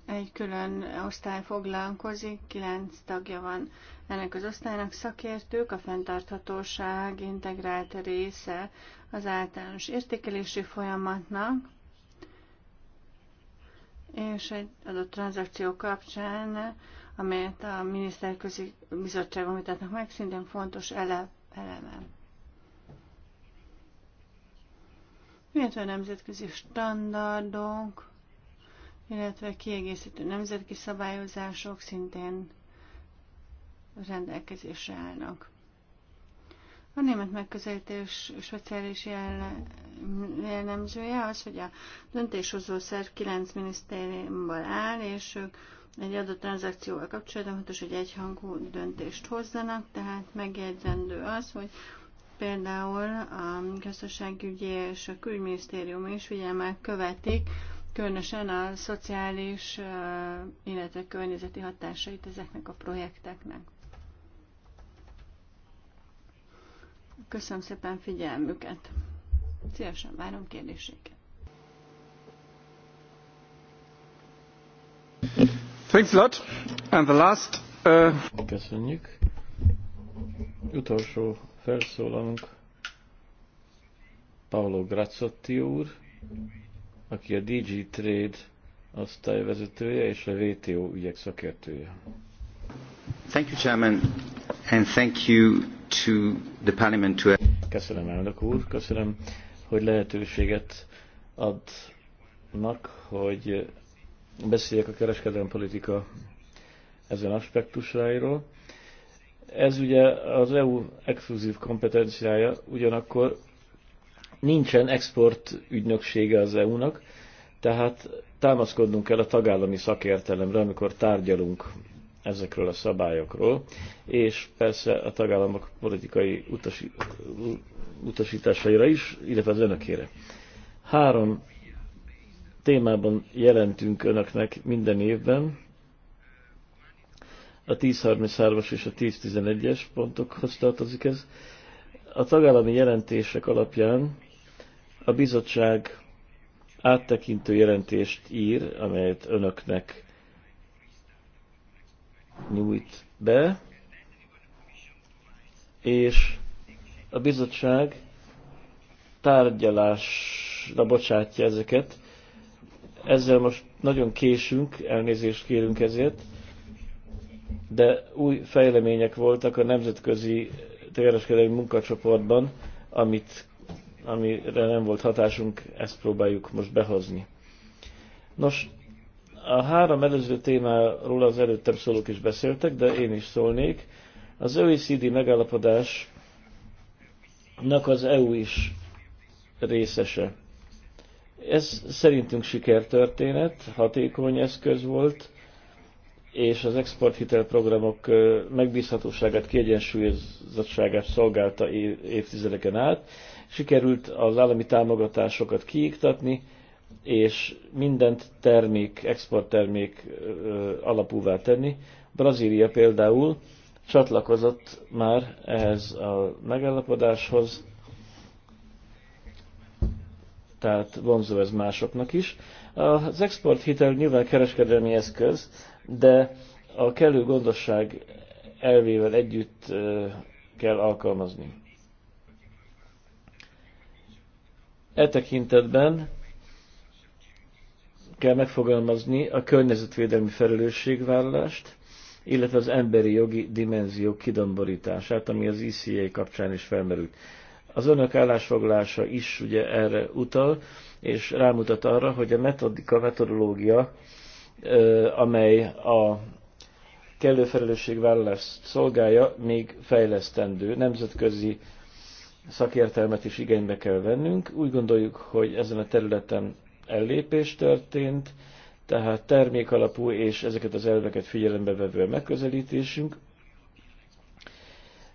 Egy külön osztály foglalkozik, kilenc tagja van ennek az osztálynak szakértők, a fenntarthatóság integrált része az általános értékelési folyamatnak, és egy adott tranzakció kapcsán, amelyet a miniszterközi bizottságon mutatnak meg, szintén fontos ele, eleme. Illetve a nemzetközi standardok, illetve kiegészítő nemzetközi szabályozások szintén rendelkezésre állnak. A német megközelítés speciális jellemzője az, hogy a döntéshozó szerv kilenc minisztériumból áll, és ők egy adott tranzakcióval kapcsolatban fontos, hogy egyhangú döntést hozzanak, tehát megjegyzendő az, hogy például a gazdaságügyi és a külügyminisztérium is figyelmel követik, különösen a szociális, illetve környezeti hatásait ezeknek a projekteknek. Köszönöm szépen figyelmüket. Szívesen várom kérdéseiket. Thanks a lot. And the last, uh... Köszönjük. Utolsó felszólalunk Paolo Grazzotti úr, aki a DG Trade osztályvezetője és a VTO ügyek szakértője. Thank you, Chairman. And thank you to the parliament to... Köszönöm, elnök úr, köszönöm, hogy lehetőséget adnak, hogy beszéljek a kereskedelmi politika ezen aspektusáiról. Ez ugye az EU exkluzív kompetenciája, ugyanakkor nincsen export ügynöksége az EU-nak, tehát támaszkodnunk kell a tagállami szakértelemre, amikor tárgyalunk ezekről a szabályokról, és persze a tagállamok politikai utasi, utasításaira is, illetve az önökére. Három témában jelentünk önöknek minden évben, a 1033-as és a 1011-es pontokhoz tartozik ez. A tagállami jelentések alapján a bizottság áttekintő jelentést ír, amelyet önöknek nyújt be, és a bizottság tárgyalásra bocsátja ezeket. Ezzel most nagyon késünk, elnézést kérünk ezért, de új fejlemények voltak a Nemzetközi Kereskedelmi Munkacsoportban, amit, amire nem volt hatásunk, ezt próbáljuk most behozni. Nos, a három előző témáról az előttem szólók is beszéltek, de én is szólnék. Az OECD megállapodásnak az EU is részese. Ez szerintünk sikertörténet, hatékony eszköz volt, és az exporthitelprogramok megbízhatóságát, kiegyensúlyozottságát szolgálta évtizedeken át. Sikerült az állami támogatásokat kiiktatni, és mindent termék, exporttermék alapúvá tenni. Brazília például csatlakozott már ehhez a megállapodáshoz, tehát vonzó ez másoknak is. Az exporthitel nyilván kereskedelmi eszköz, de a kellő gondosság elvével együtt kell alkalmazni. E tekintetben kell megfogalmazni a környezetvédelmi felelősségvállalást, illetve az emberi jogi dimenzió kidomborítását, ami az ICA e kapcsán is felmerült. Az önök állásfoglalása is ugye erre utal, és rámutat arra, hogy a metodika, metodológia, amely a kellő felelősségvállalást szolgálja, még fejlesztendő. Nemzetközi szakértelmet is igénybe kell vennünk. Úgy gondoljuk, hogy ezen a területen ellépés történt, tehát termékalapú és ezeket az elveket figyelembe vevő a megközelítésünk.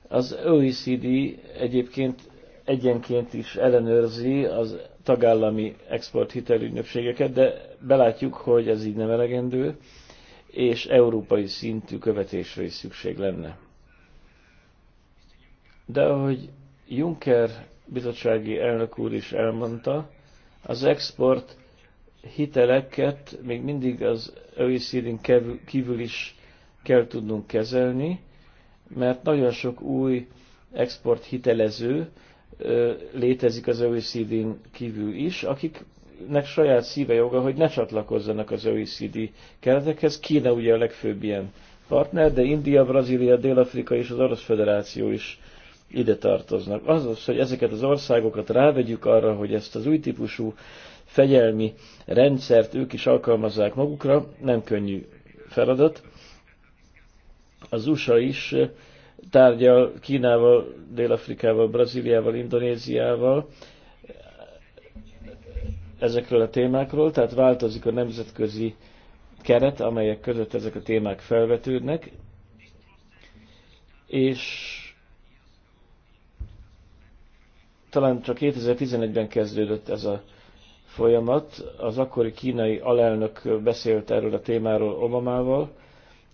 Az OECD egyébként egyenként is ellenőrzi az tagállami hitelügynökségeket, de belátjuk, hogy ez így nem elegendő, és európai szintű követésre is szükség lenne. De ahogy Juncker bizottsági elnök úr is elmondta, az export hiteleket még mindig az OECD-n kívül is kell tudnunk kezelni, mert nagyon sok új export hitelező létezik az OECD-n kívül is, akiknek saját szíve joga, hogy ne csatlakozzanak az OECD keretekhez. Kína ugye a legfőbb ilyen partner, de India, Brazília, Dél-Afrika és az Orosz Federáció is ide tartoznak. Azaz, hogy ezeket az országokat rávegyük arra, hogy ezt az új típusú fegyelmi rendszert ők is alkalmazzák magukra, nem könnyű feladat. Az USA is eh, tárgyal Kínával, Dél-Afrikával, Brazíliával, Indonéziával eh, ezekről a témákról, tehát változik a nemzetközi keret, amelyek között ezek a témák felvetődnek, és talán csak 2011-ben kezdődött ez a folyamat. Az akkori kínai alelnök beszélt erről a témáról Obamával,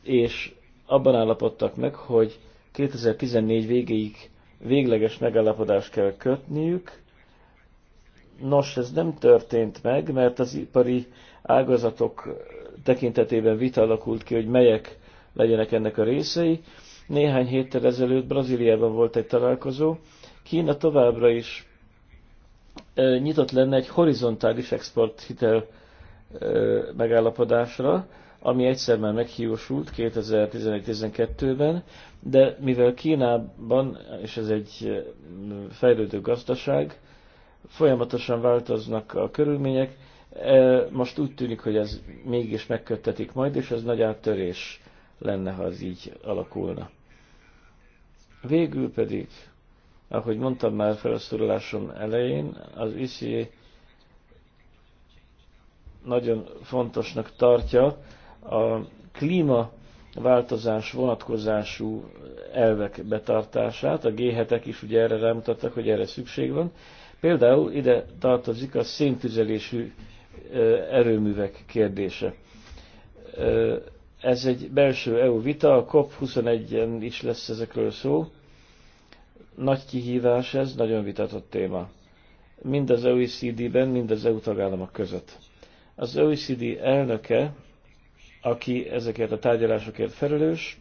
és abban állapodtak meg, hogy 2014 végéig végleges megállapodást kell kötniük. Nos, ez nem történt meg, mert az ipari ágazatok tekintetében vita alakult ki, hogy melyek legyenek ennek a részei. Néhány héttel ezelőtt Brazíliában volt egy találkozó. Kína továbbra is nyitott lenne egy horizontális exporthitel megállapodásra, ami egyszer már meghiúsult 2011-12-ben, de mivel Kínában, és ez egy fejlődő gazdaság, folyamatosan változnak a körülmények, most úgy tűnik, hogy ez mégis megköttetik majd, és ez nagy áttörés lenne, ha ez így alakulna. Végül pedig ahogy mondtam már felszólalásom elején, az ICI e nagyon fontosnak tartja a klímaváltozás vonatkozású elvek betartását. A G7-ek is ugye erre rámutattak, hogy erre szükség van. Például ide tartozik a széntüzelésű erőművek kérdése. Ez egy belső EU vita, a COP21-en is lesz ezekről szó. Nagy kihívás ez, nagyon vitatott téma. Mind az OECD-ben, mind az EU tagállamok között. Az OECD elnöke, aki ezekért a tárgyalásokért felelős,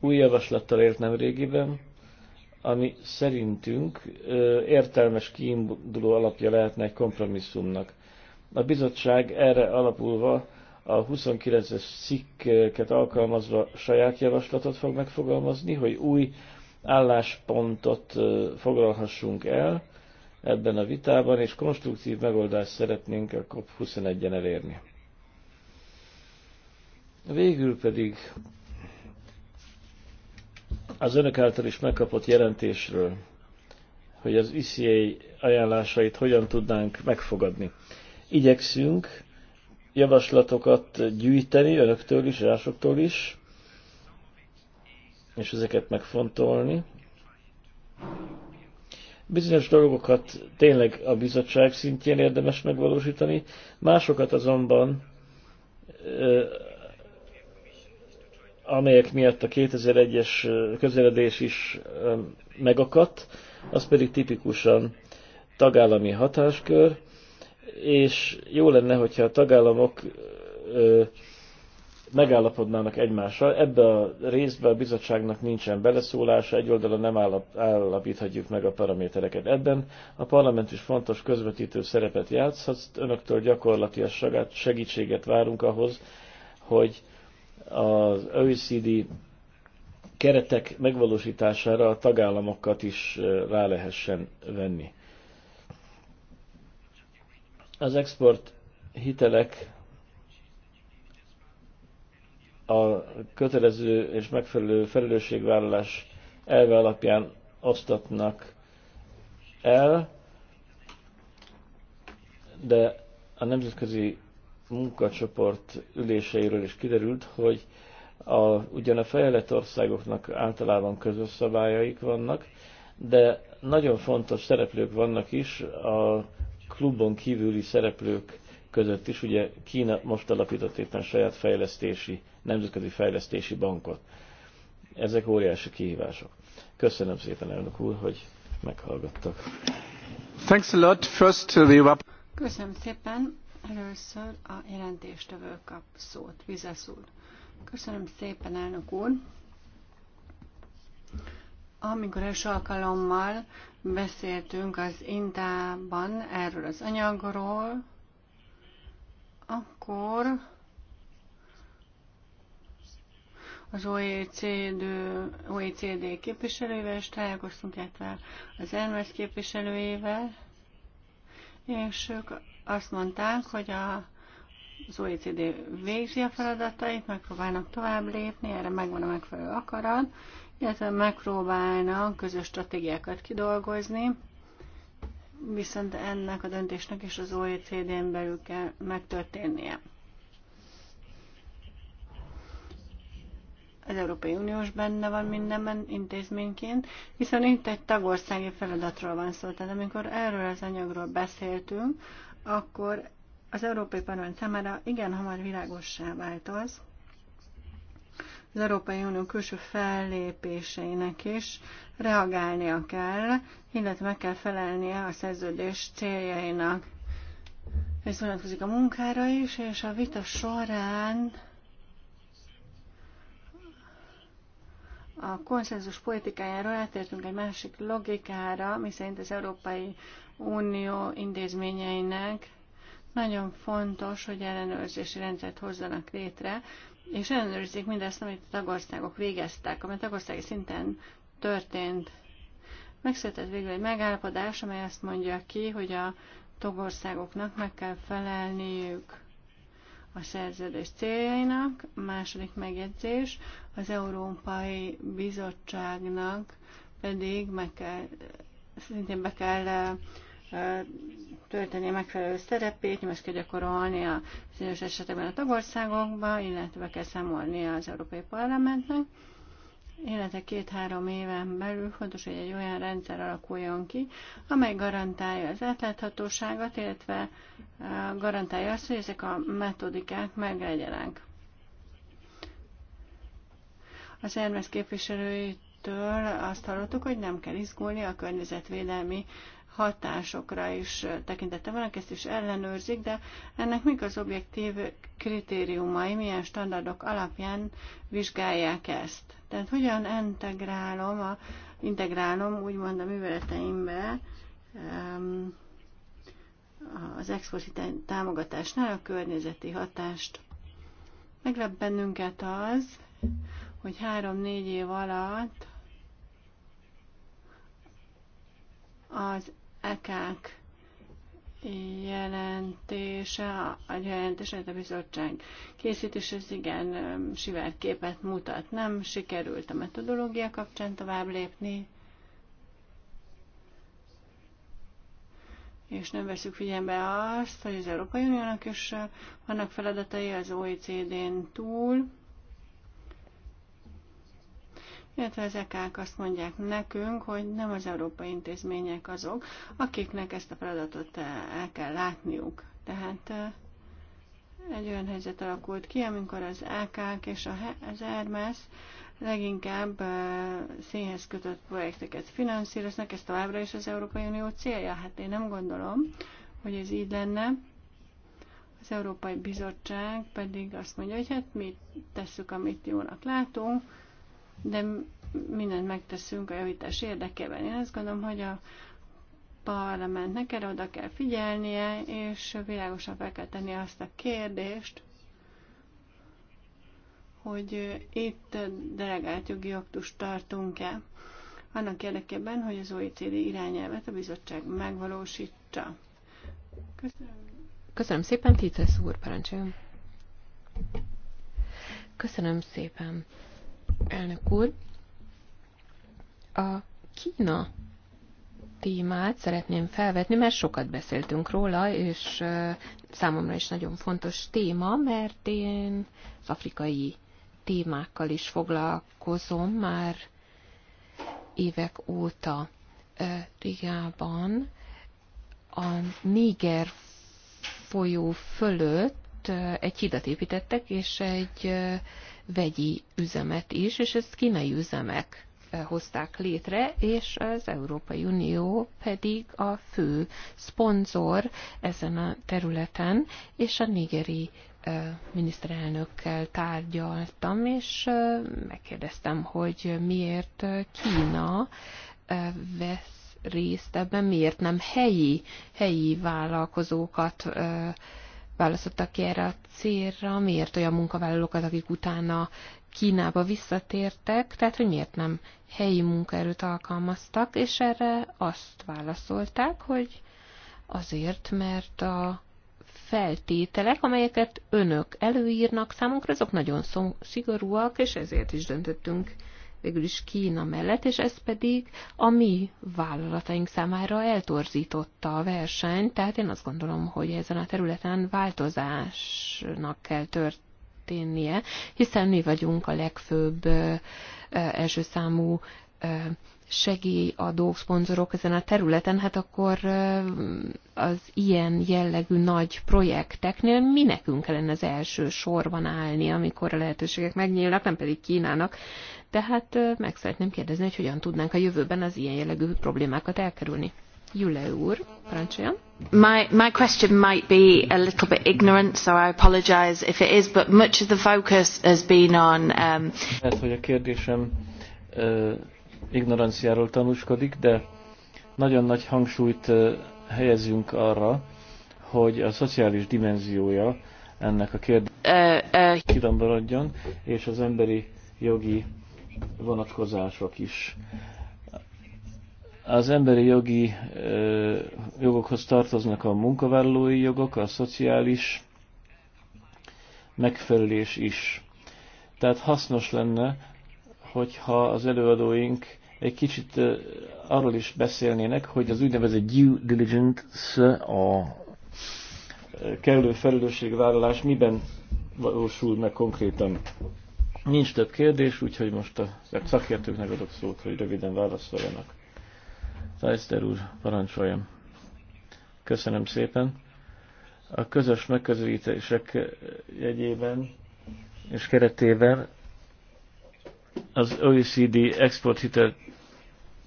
új javaslattal ért nem régiben, ami szerintünk értelmes kiinduló alapja lehetne egy kompromisszumnak. A bizottság erre alapulva a 29-es szikket alkalmazva saját javaslatot fog megfogalmazni, hogy új álláspontot foglalhassunk el ebben a vitában, és konstruktív megoldást szeretnénk a COP21-en elérni. Végül pedig az önök által is megkapott jelentésről, hogy az ICA ajánlásait hogyan tudnánk megfogadni. Igyekszünk javaslatokat gyűjteni önöktől is, rásoktól is, és ezeket megfontolni. Bizonyos dolgokat tényleg a bizottság szintjén érdemes megvalósítani, másokat azonban, amelyek miatt a 2001-es közeledés is megakadt, az pedig tipikusan tagállami hatáskör, és jó lenne, hogyha a tagállamok ö, megállapodnának egymással. ebben a részben a bizottságnak nincsen beleszólása, egy oldalon nem állap, állapíthatjuk meg a paramétereket. Ebben a parlament is fontos közvetítő szerepet játszhat, önöktől gyakorlatilag segítséget várunk ahhoz, hogy az OECD keretek megvalósítására a tagállamokat is rá lehessen venni. Az export hitelek a kötelező és megfelelő felelősségvállalás elve alapján osztatnak el, de a nemzetközi munkacsoport üléseiről is kiderült, hogy a, ugyan a fejlett országoknak általában közös szabályaik vannak, de nagyon fontos szereplők vannak is a klubon kívüli szereplők között is, ugye Kína most alapított éppen saját fejlesztési, nemzetközi fejlesztési bankot. Ezek óriási kihívások. Köszönöm szépen, elnök úr, hogy meghallgattak. Thanks a lot. First to uh, the... Köszönöm szépen. Először a jelentéstevő kap szót, Vizesz úr. Köszönöm szépen, elnök úr. Amikor első alkalommal beszéltünk az Intában erről az anyagról, akkor az OECD, OECD képviselőivel is találkoztunk, illetve az ENVESZ képviselőivel, és ők azt mondták, hogy a, az OECD végzi a feladatait, megpróbálnak tovább lépni, erre megvan a megfelelő akarat, illetve megpróbálnak közös stratégiákat kidolgozni, viszont ennek a döntésnek is az OECD-n belül kell megtörténnie. Az Európai Uniós benne van mindenben intézményként, hiszen itt egy tagországi feladatról van szó. Tehát amikor erről az anyagról beszéltünk, akkor az Európai Parlament számára igen hamar világossá vált az, az Európai Unió külső fellépéseinek is reagálnia kell, illetve meg kell felelnie a szerződés céljainak. Ez vonatkozik a munkára is, és a vita során a konszenzus politikájáról átértünk egy másik logikára, miszerint az Európai Unió intézményeinek nagyon fontos, hogy ellenőrzési rendszert hozzanak létre, és ellenőrizik mindezt, amit a tagországok végeztek, a tagországi szinten történt. Megszületett végül egy megállapodás, amely azt mondja ki, hogy a tagországoknak meg kell felelniük a szerződés céljainak. A második megjegyzés, az Európai Bizottságnak pedig meg kell, szintén be kell tölteni a megfelelő szerepét, nyomást kell gyakorolni a bizonyos esetekben a tagországokban, illetve kell számolni az Európai Parlamentnek. Illetve két-három éven belül fontos, hogy egy olyan rendszer alakuljon ki, amely garantálja az átláthatóságot, illetve garantálja azt, hogy ezek a metodikák meglegyenek. Az ERMESZ képviselőit től azt hallottuk, hogy nem kell izgulni a környezetvédelmi hatásokra is tekintete vannak, ezt is ellenőrzik, de ennek mik az objektív kritériumai, milyen standardok alapján vizsgálják ezt? Tehát hogyan integrálom, a, integrálom úgymond a műveleteimbe um, az expozit támogatásnál a környezeti hatást? Meglep bennünket az, hogy három-négy év alatt Az ekák jelentése, a jelentése, a bizottság készítés, ez igen sivert képet mutat. Nem sikerült a metodológia kapcsán tovább lépni, és nem veszük figyelembe azt, hogy az Európai Uniónak is vannak feladatai az OECD-n túl, illetve az ekák azt mondják nekünk, hogy nem az európai intézmények azok, akiknek ezt a feladatot eh, el kell látniuk. Tehát eh, egy olyan helyzet alakult ki, amikor az AK e és az Hermes leginkább eh, színhez kötött projekteket finanszíroznak, ez továbbra is az Európai Unió célja. Hát én nem gondolom, hogy ez így lenne. Az Európai Bizottság pedig azt mondja, hogy hát mi tesszük, amit jónak látunk, de mindent megteszünk a javítás érdekében. Én azt gondolom, hogy a parlamentnek erre oda kell figyelnie, és világosan fel kell tenni azt a kérdést, hogy itt delegált jogi aktust tartunk-e, annak érdekében, hogy az OECD irányelvet a bizottság megvalósítsa. Köszönöm. Köszönöm szépen, Tíces úr, parancsoljon. Köszönöm szépen. Elnök úr, a Kína témát szeretném felvetni, mert sokat beszéltünk róla, és számomra is nagyon fontos téma, mert én az afrikai témákkal is foglalkozom már évek óta Rigában. A Niger folyó fölött egy hidat építettek, és egy vegyi üzemet is, és ezt kínai üzemek eh, hozták létre, és az Európai Unió pedig a fő szponzor ezen a területen, és a nigeri eh, miniszterelnökkel tárgyaltam, és eh, megkérdeztem, hogy miért Kína vesz részt ebben, miért nem helyi, helyi vállalkozókat választottak ki erre a célra, miért olyan munkavállalókat, akik utána Kínába visszatértek, tehát hogy miért nem helyi munkaerőt alkalmaztak, és erre azt válaszolták, hogy azért, mert a feltételek, amelyeket önök előírnak számunkra, azok nagyon szigorúak, és ezért is döntöttünk végül is Kína mellett, és ez pedig a mi vállalataink számára eltorzította a versenyt, tehát én azt gondolom, hogy ezen a területen változásnak kell történnie, hiszen mi vagyunk a legfőbb első számú segélyadó szponzorok ezen a területen, hát akkor az ilyen jellegű nagy projekteknél mi nekünk kellene az első sorban állni, amikor a lehetőségek megnyílnak, nem pedig Kínának. Tehát meg szeretném kérdezni, hogy hogyan tudnánk a jövőben az ilyen jellegű problémákat elkerülni. Jule úr, parancsoljon. My, my question might be a little bit ignorant, so I apologize if it is, but much of the focus has been on... Um... Lehet, hogy a kérdésem uh ignoranciáról tanúskodik, de nagyon nagy hangsúlyt helyezünk arra, hogy a szociális dimenziója ennek a kérdésnek kidomborodjon, és az emberi jogi vonatkozások is. Az emberi jogi ö, jogokhoz tartoznak a munkavállalói jogok, a szociális megfelelés is. Tehát hasznos lenne, hogyha az előadóink egy kicsit arról is beszélnének, hogy az úgynevezett due diligence, a kellő felelősségvállalás miben valósul meg konkrétan. Nincs több kérdés, úgyhogy most a szakértőknek adok szót, hogy röviden válaszoljanak. Tajszter úr, parancsoljam. Köszönöm szépen. A közös megközelítések jegyében és keretében az OECD exporthitel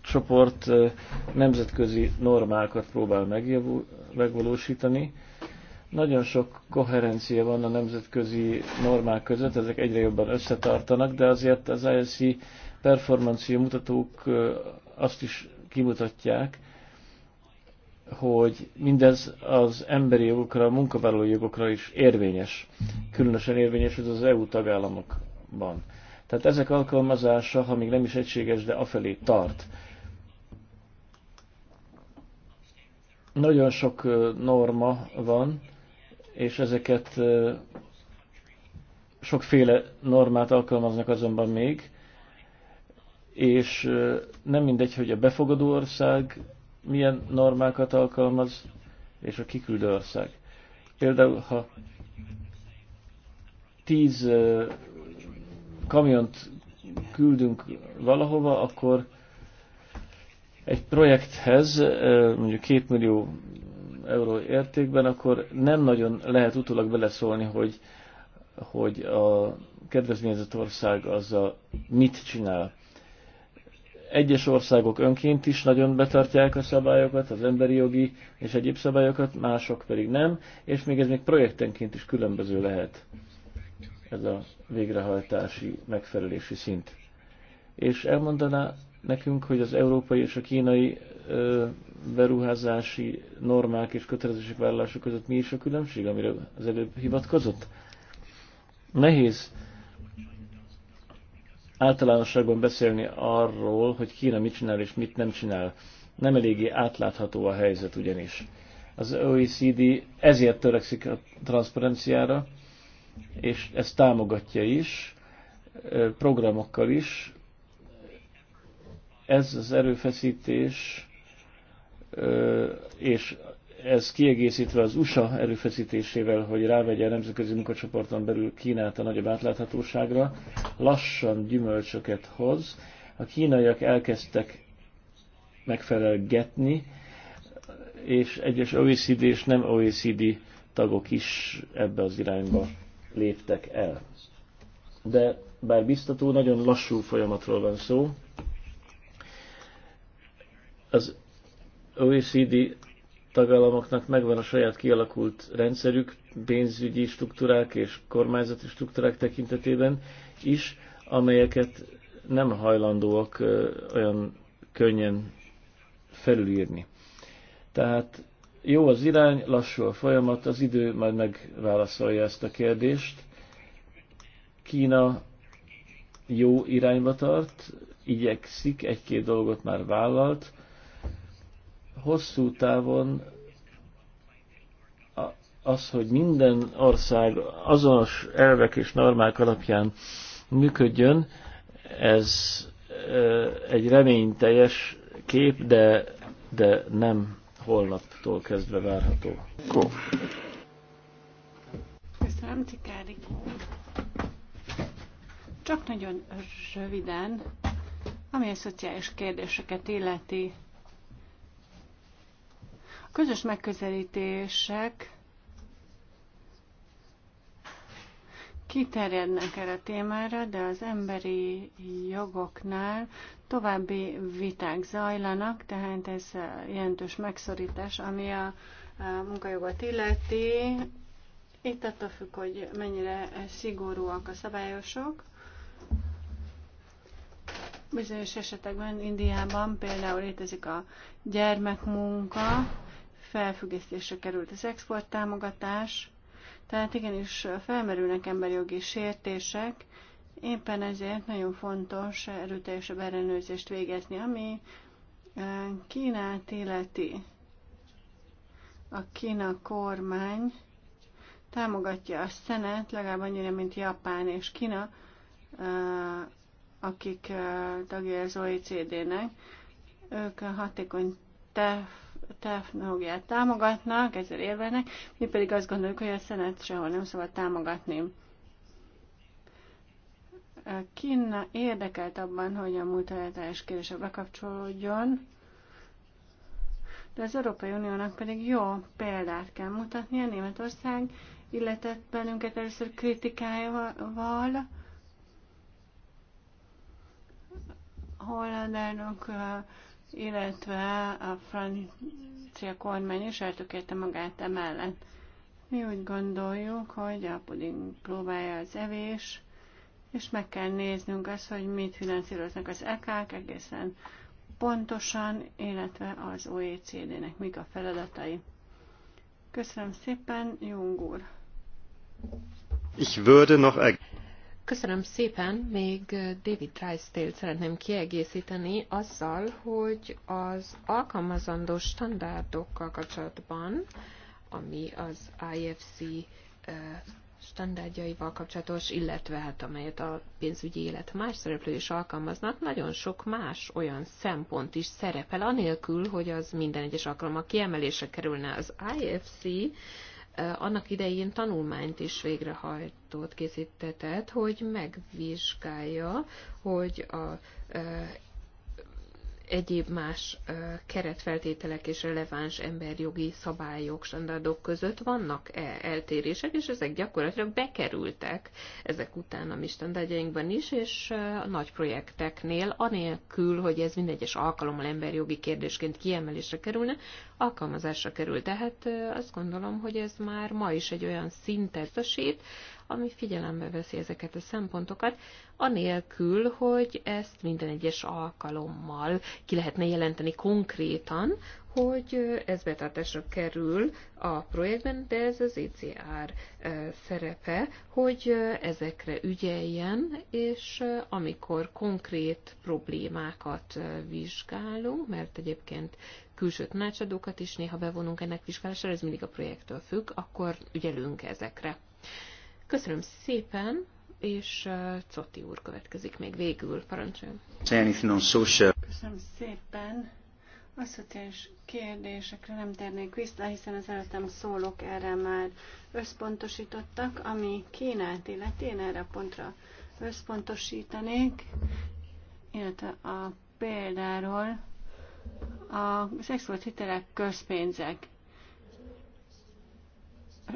csoport nemzetközi normákat próbál megvalósítani. Nagyon sok koherencia van a nemzetközi normák között, ezek egyre jobban összetartanak, de azért az ISC performancia mutatók azt is kimutatják, hogy mindez az emberi jogokra, a munkavállalói jogokra is érvényes. Különösen érvényes ez az EU tagállamokban. Tehát ezek alkalmazása, ha még nem is egységes, de afelé tart. Nagyon sok norma van, és ezeket sokféle normát alkalmaznak azonban még, és nem mindegy, hogy a befogadó ország milyen normákat alkalmaz, és a kiküldő ország. Például, ha tíz kamiont küldünk valahova, akkor egy projekthez, mondjuk két millió euró értékben, akkor nem nagyon lehet utólag beleszólni, hogy, hogy a kedvezményezett ország az a mit csinál. Egyes országok önként is nagyon betartják a szabályokat, az emberi jogi és egyéb szabályokat, mások pedig nem, és még ez még projektenként is különböző lehet ez a végrehajtási, megfelelési szint. És elmondaná nekünk, hogy az európai és a kínai ö, beruházási normák és kötelezési vállalások között mi is a különbség, amire az előbb hivatkozott? Nehéz általánosságban beszélni arról, hogy Kína mit csinál és mit nem csinál. Nem eléggé átlátható a helyzet ugyanis. Az OECD ezért törekszik a transzparenciára, és ezt támogatja is, programokkal is. Ez az erőfeszítés, és ez kiegészítve az USA erőfeszítésével, hogy rávegye a nemzetközi munkacsoporton belül Kínát a nagyobb átláthatóságra, lassan gyümölcsöket hoz. A kínaiak elkezdtek megfelelgetni, és egyes OECD és nem OECD tagok is ebbe az irányba léptek el. De bár biztató, nagyon lassú folyamatról van szó. Az OECD tagállamoknak megvan a saját kialakult rendszerük, pénzügyi struktúrák és kormányzati struktúrák tekintetében is, amelyeket nem hajlandóak olyan könnyen felülírni. Tehát jó az irány, lassú a folyamat, az idő majd megválaszolja ezt a kérdést. Kína jó irányba tart, igyekszik, egy-két dolgot már vállalt. Hosszú távon az, hogy minden ország azonos elvek és normák alapján működjön, ez egy reményteljes kép, de, de nem holnaptól kezdve várható. Kó. Köszönöm, Cikári Csak nagyon röviden, ami a szociális kérdéseket illeti. A közös megközelítések kiterjednek erre a témára, de az emberi jogoknál További viták zajlanak, tehát ez jelentős megszorítás, ami a munkajogot illeti. Itt attól függ, hogy mennyire szigorúak a szabályosok. Bizonyos esetekben Indiában például létezik a gyermekmunka, felfüggesztésre került az támogatás, tehát igenis felmerülnek emberi jogi sértések, Éppen ezért nagyon fontos erőteljesebb ellenőrzést végezni, ami eh, Kínát illeti. A Kína kormány támogatja a szenet, legalább annyira, mint Japán és Kína, eh, akik eh, tagja az OECD-nek. Ők a hatékony technológiát támogatnak, ezzel érvelnek, mi pedig azt gondoljuk, hogy a szenet sehol nem szabad támogatni. Kína érdekelt abban, hogy a multilaterális kérdése bekapcsolódjon, de az Európai Uniónak pedig jó példát kell mutatnia. Németország illetett bennünket először kritikájával, holland elnök, illetve a francia kormány is eltökélte magát emellett. Mi úgy gondoljuk, hogy a puding próbálja az evés, és meg kell néznünk azt, hogy mit finanszíroznak az EKák egészen pontosan, illetve az OECD-nek mik a feladatai. Köszönöm szépen, Jung úr. Ich würde noch Köszönöm szépen, még David drysdale szeretném kiegészíteni azzal, hogy az alkalmazandó standardokkal kapcsolatban, ami az IFC eh, standardjaival kapcsolatos, illetve hát amelyet a pénzügyi élet más szereplői is alkalmaznak, nagyon sok más olyan szempont is szerepel, anélkül, hogy az minden egyes alkalommal kiemelése kerülne. Az IFC eh, annak idején tanulmányt is végrehajtott, készítetett, hogy megvizsgálja, hogy a eh, egyéb más keretfeltételek és releváns emberjogi szabályok, standardok között vannak -e eltérések, és ezek gyakorlatilag bekerültek ezek után a mi standardjainkban is, és a nagy projekteknél, anélkül, hogy ez mindegyes alkalommal emberjogi kérdésként kiemelésre kerülne, alkalmazásra kerül. Tehát azt gondolom, hogy ez már ma is egy olyan szintet ami figyelembe veszi ezeket a szempontokat, anélkül, hogy ezt minden egyes alkalommal ki lehetne jelenteni konkrétan, hogy ez betartásra kerül a projektben, de ez az ECR szerepe, hogy ezekre ügyeljen, és amikor konkrét problémákat vizsgálunk, mert egyébként külső tanácsadókat is néha bevonunk ennek vizsgálására, ez mindig a projektől függ, akkor ügyelünk ezekre. Köszönöm szépen, és Cotti úr következik még végül, parancsoljon. Köszönöm szépen. A szociális kérdésekre nem térnék vissza, hiszen az előttem szólók erre már összpontosítottak. Ami kínált illeti, én erre a pontra összpontosítanék, illetve a példáról a szexuális hitelek közpénzek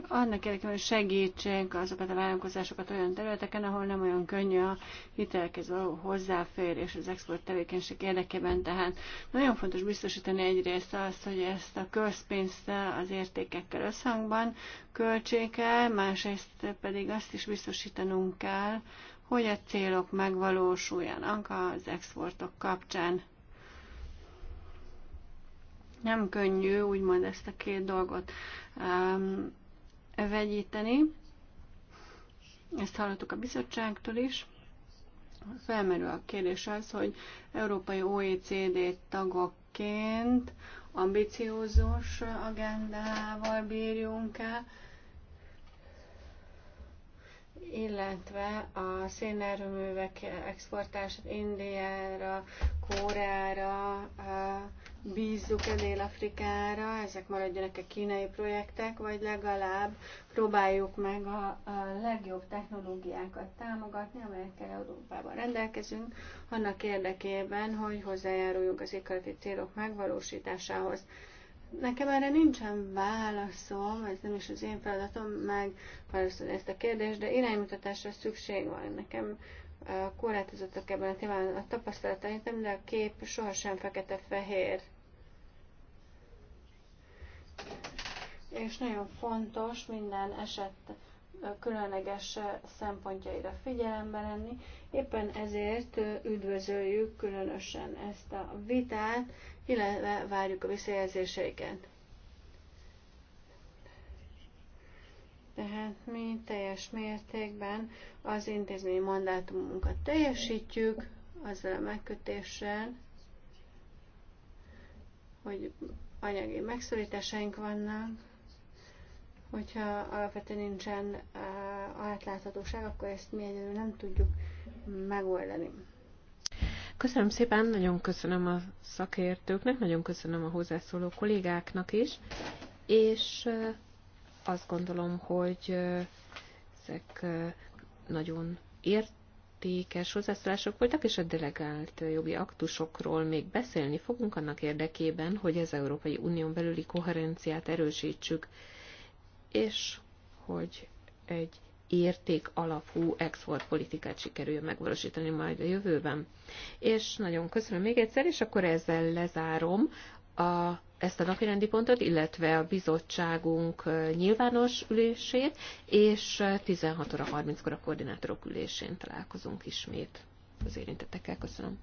annak érdekében, hogy segítsék azokat a vállalkozásokat olyan területeken, ahol nem olyan könnyű a hitelkező való hozzáférés az export tevékenység érdekében. Tehát nagyon fontos biztosítani egyrészt azt, hogy ezt a közpénzt az értékekkel összhangban költsék el, másrészt pedig azt is biztosítanunk kell, hogy a célok megvalósuljanak az exportok kapcsán. Nem könnyű úgymond ezt a két dolgot um, vegyíteni. Ezt hallottuk a bizottságtól is. Felmerül a kérdés az, hogy európai OECD tagokként ambiciózus agendával bírjunk-e, illetve a szénerőművek exportását Indiára, Kóreára, bízzuk a Dél-Afrikára, ezek maradjanak a kínai projektek, vagy legalább próbáljuk meg a, legjobb technológiákat támogatni, amelyekkel Európában rendelkezünk, annak érdekében, hogy hozzájáruljunk az ikarati célok megvalósításához. Nekem erre nincsen válaszom, ez nem is az én feladatom meg válaszolni ezt a kérdést, de iránymutatásra szükség van. Nekem korlátozottak ebben a témában a tapasztalataim, de a kép sohasem fekete-fehér. És nagyon fontos minden esetben különleges szempontjaira figyelembe lenni. Éppen ezért üdvözöljük különösen ezt a vitát, illetve várjuk a visszajelzéseiket. Tehát mi teljes mértékben az intézményi mandátumunkat teljesítjük azzal a megkötéssel, hogy anyagi megszorításaink vannak, hogyha alapvetően nincsen eh, átláthatóság, akkor ezt mi egyedül nem tudjuk megoldani. Köszönöm szépen, nagyon köszönöm a szakértőknek, nagyon köszönöm a hozzászóló kollégáknak is, és eh, azt gondolom, hogy eh, ezek nagyon értékes hozzászólások voltak, és a delegált jogi aktusokról még beszélni fogunk annak érdekében, hogy az Európai Unión belüli koherenciát erősítsük és hogy egy érték alapú exportpolitikát sikerül megvalósítani majd a jövőben. És nagyon köszönöm még egyszer, és akkor ezzel lezárom a, ezt a napirendi pontot, illetve a bizottságunk nyilvános ülését, és 16 óra 30-kor a koordinátorok ülésén találkozunk ismét az érintettekkel. Köszönöm.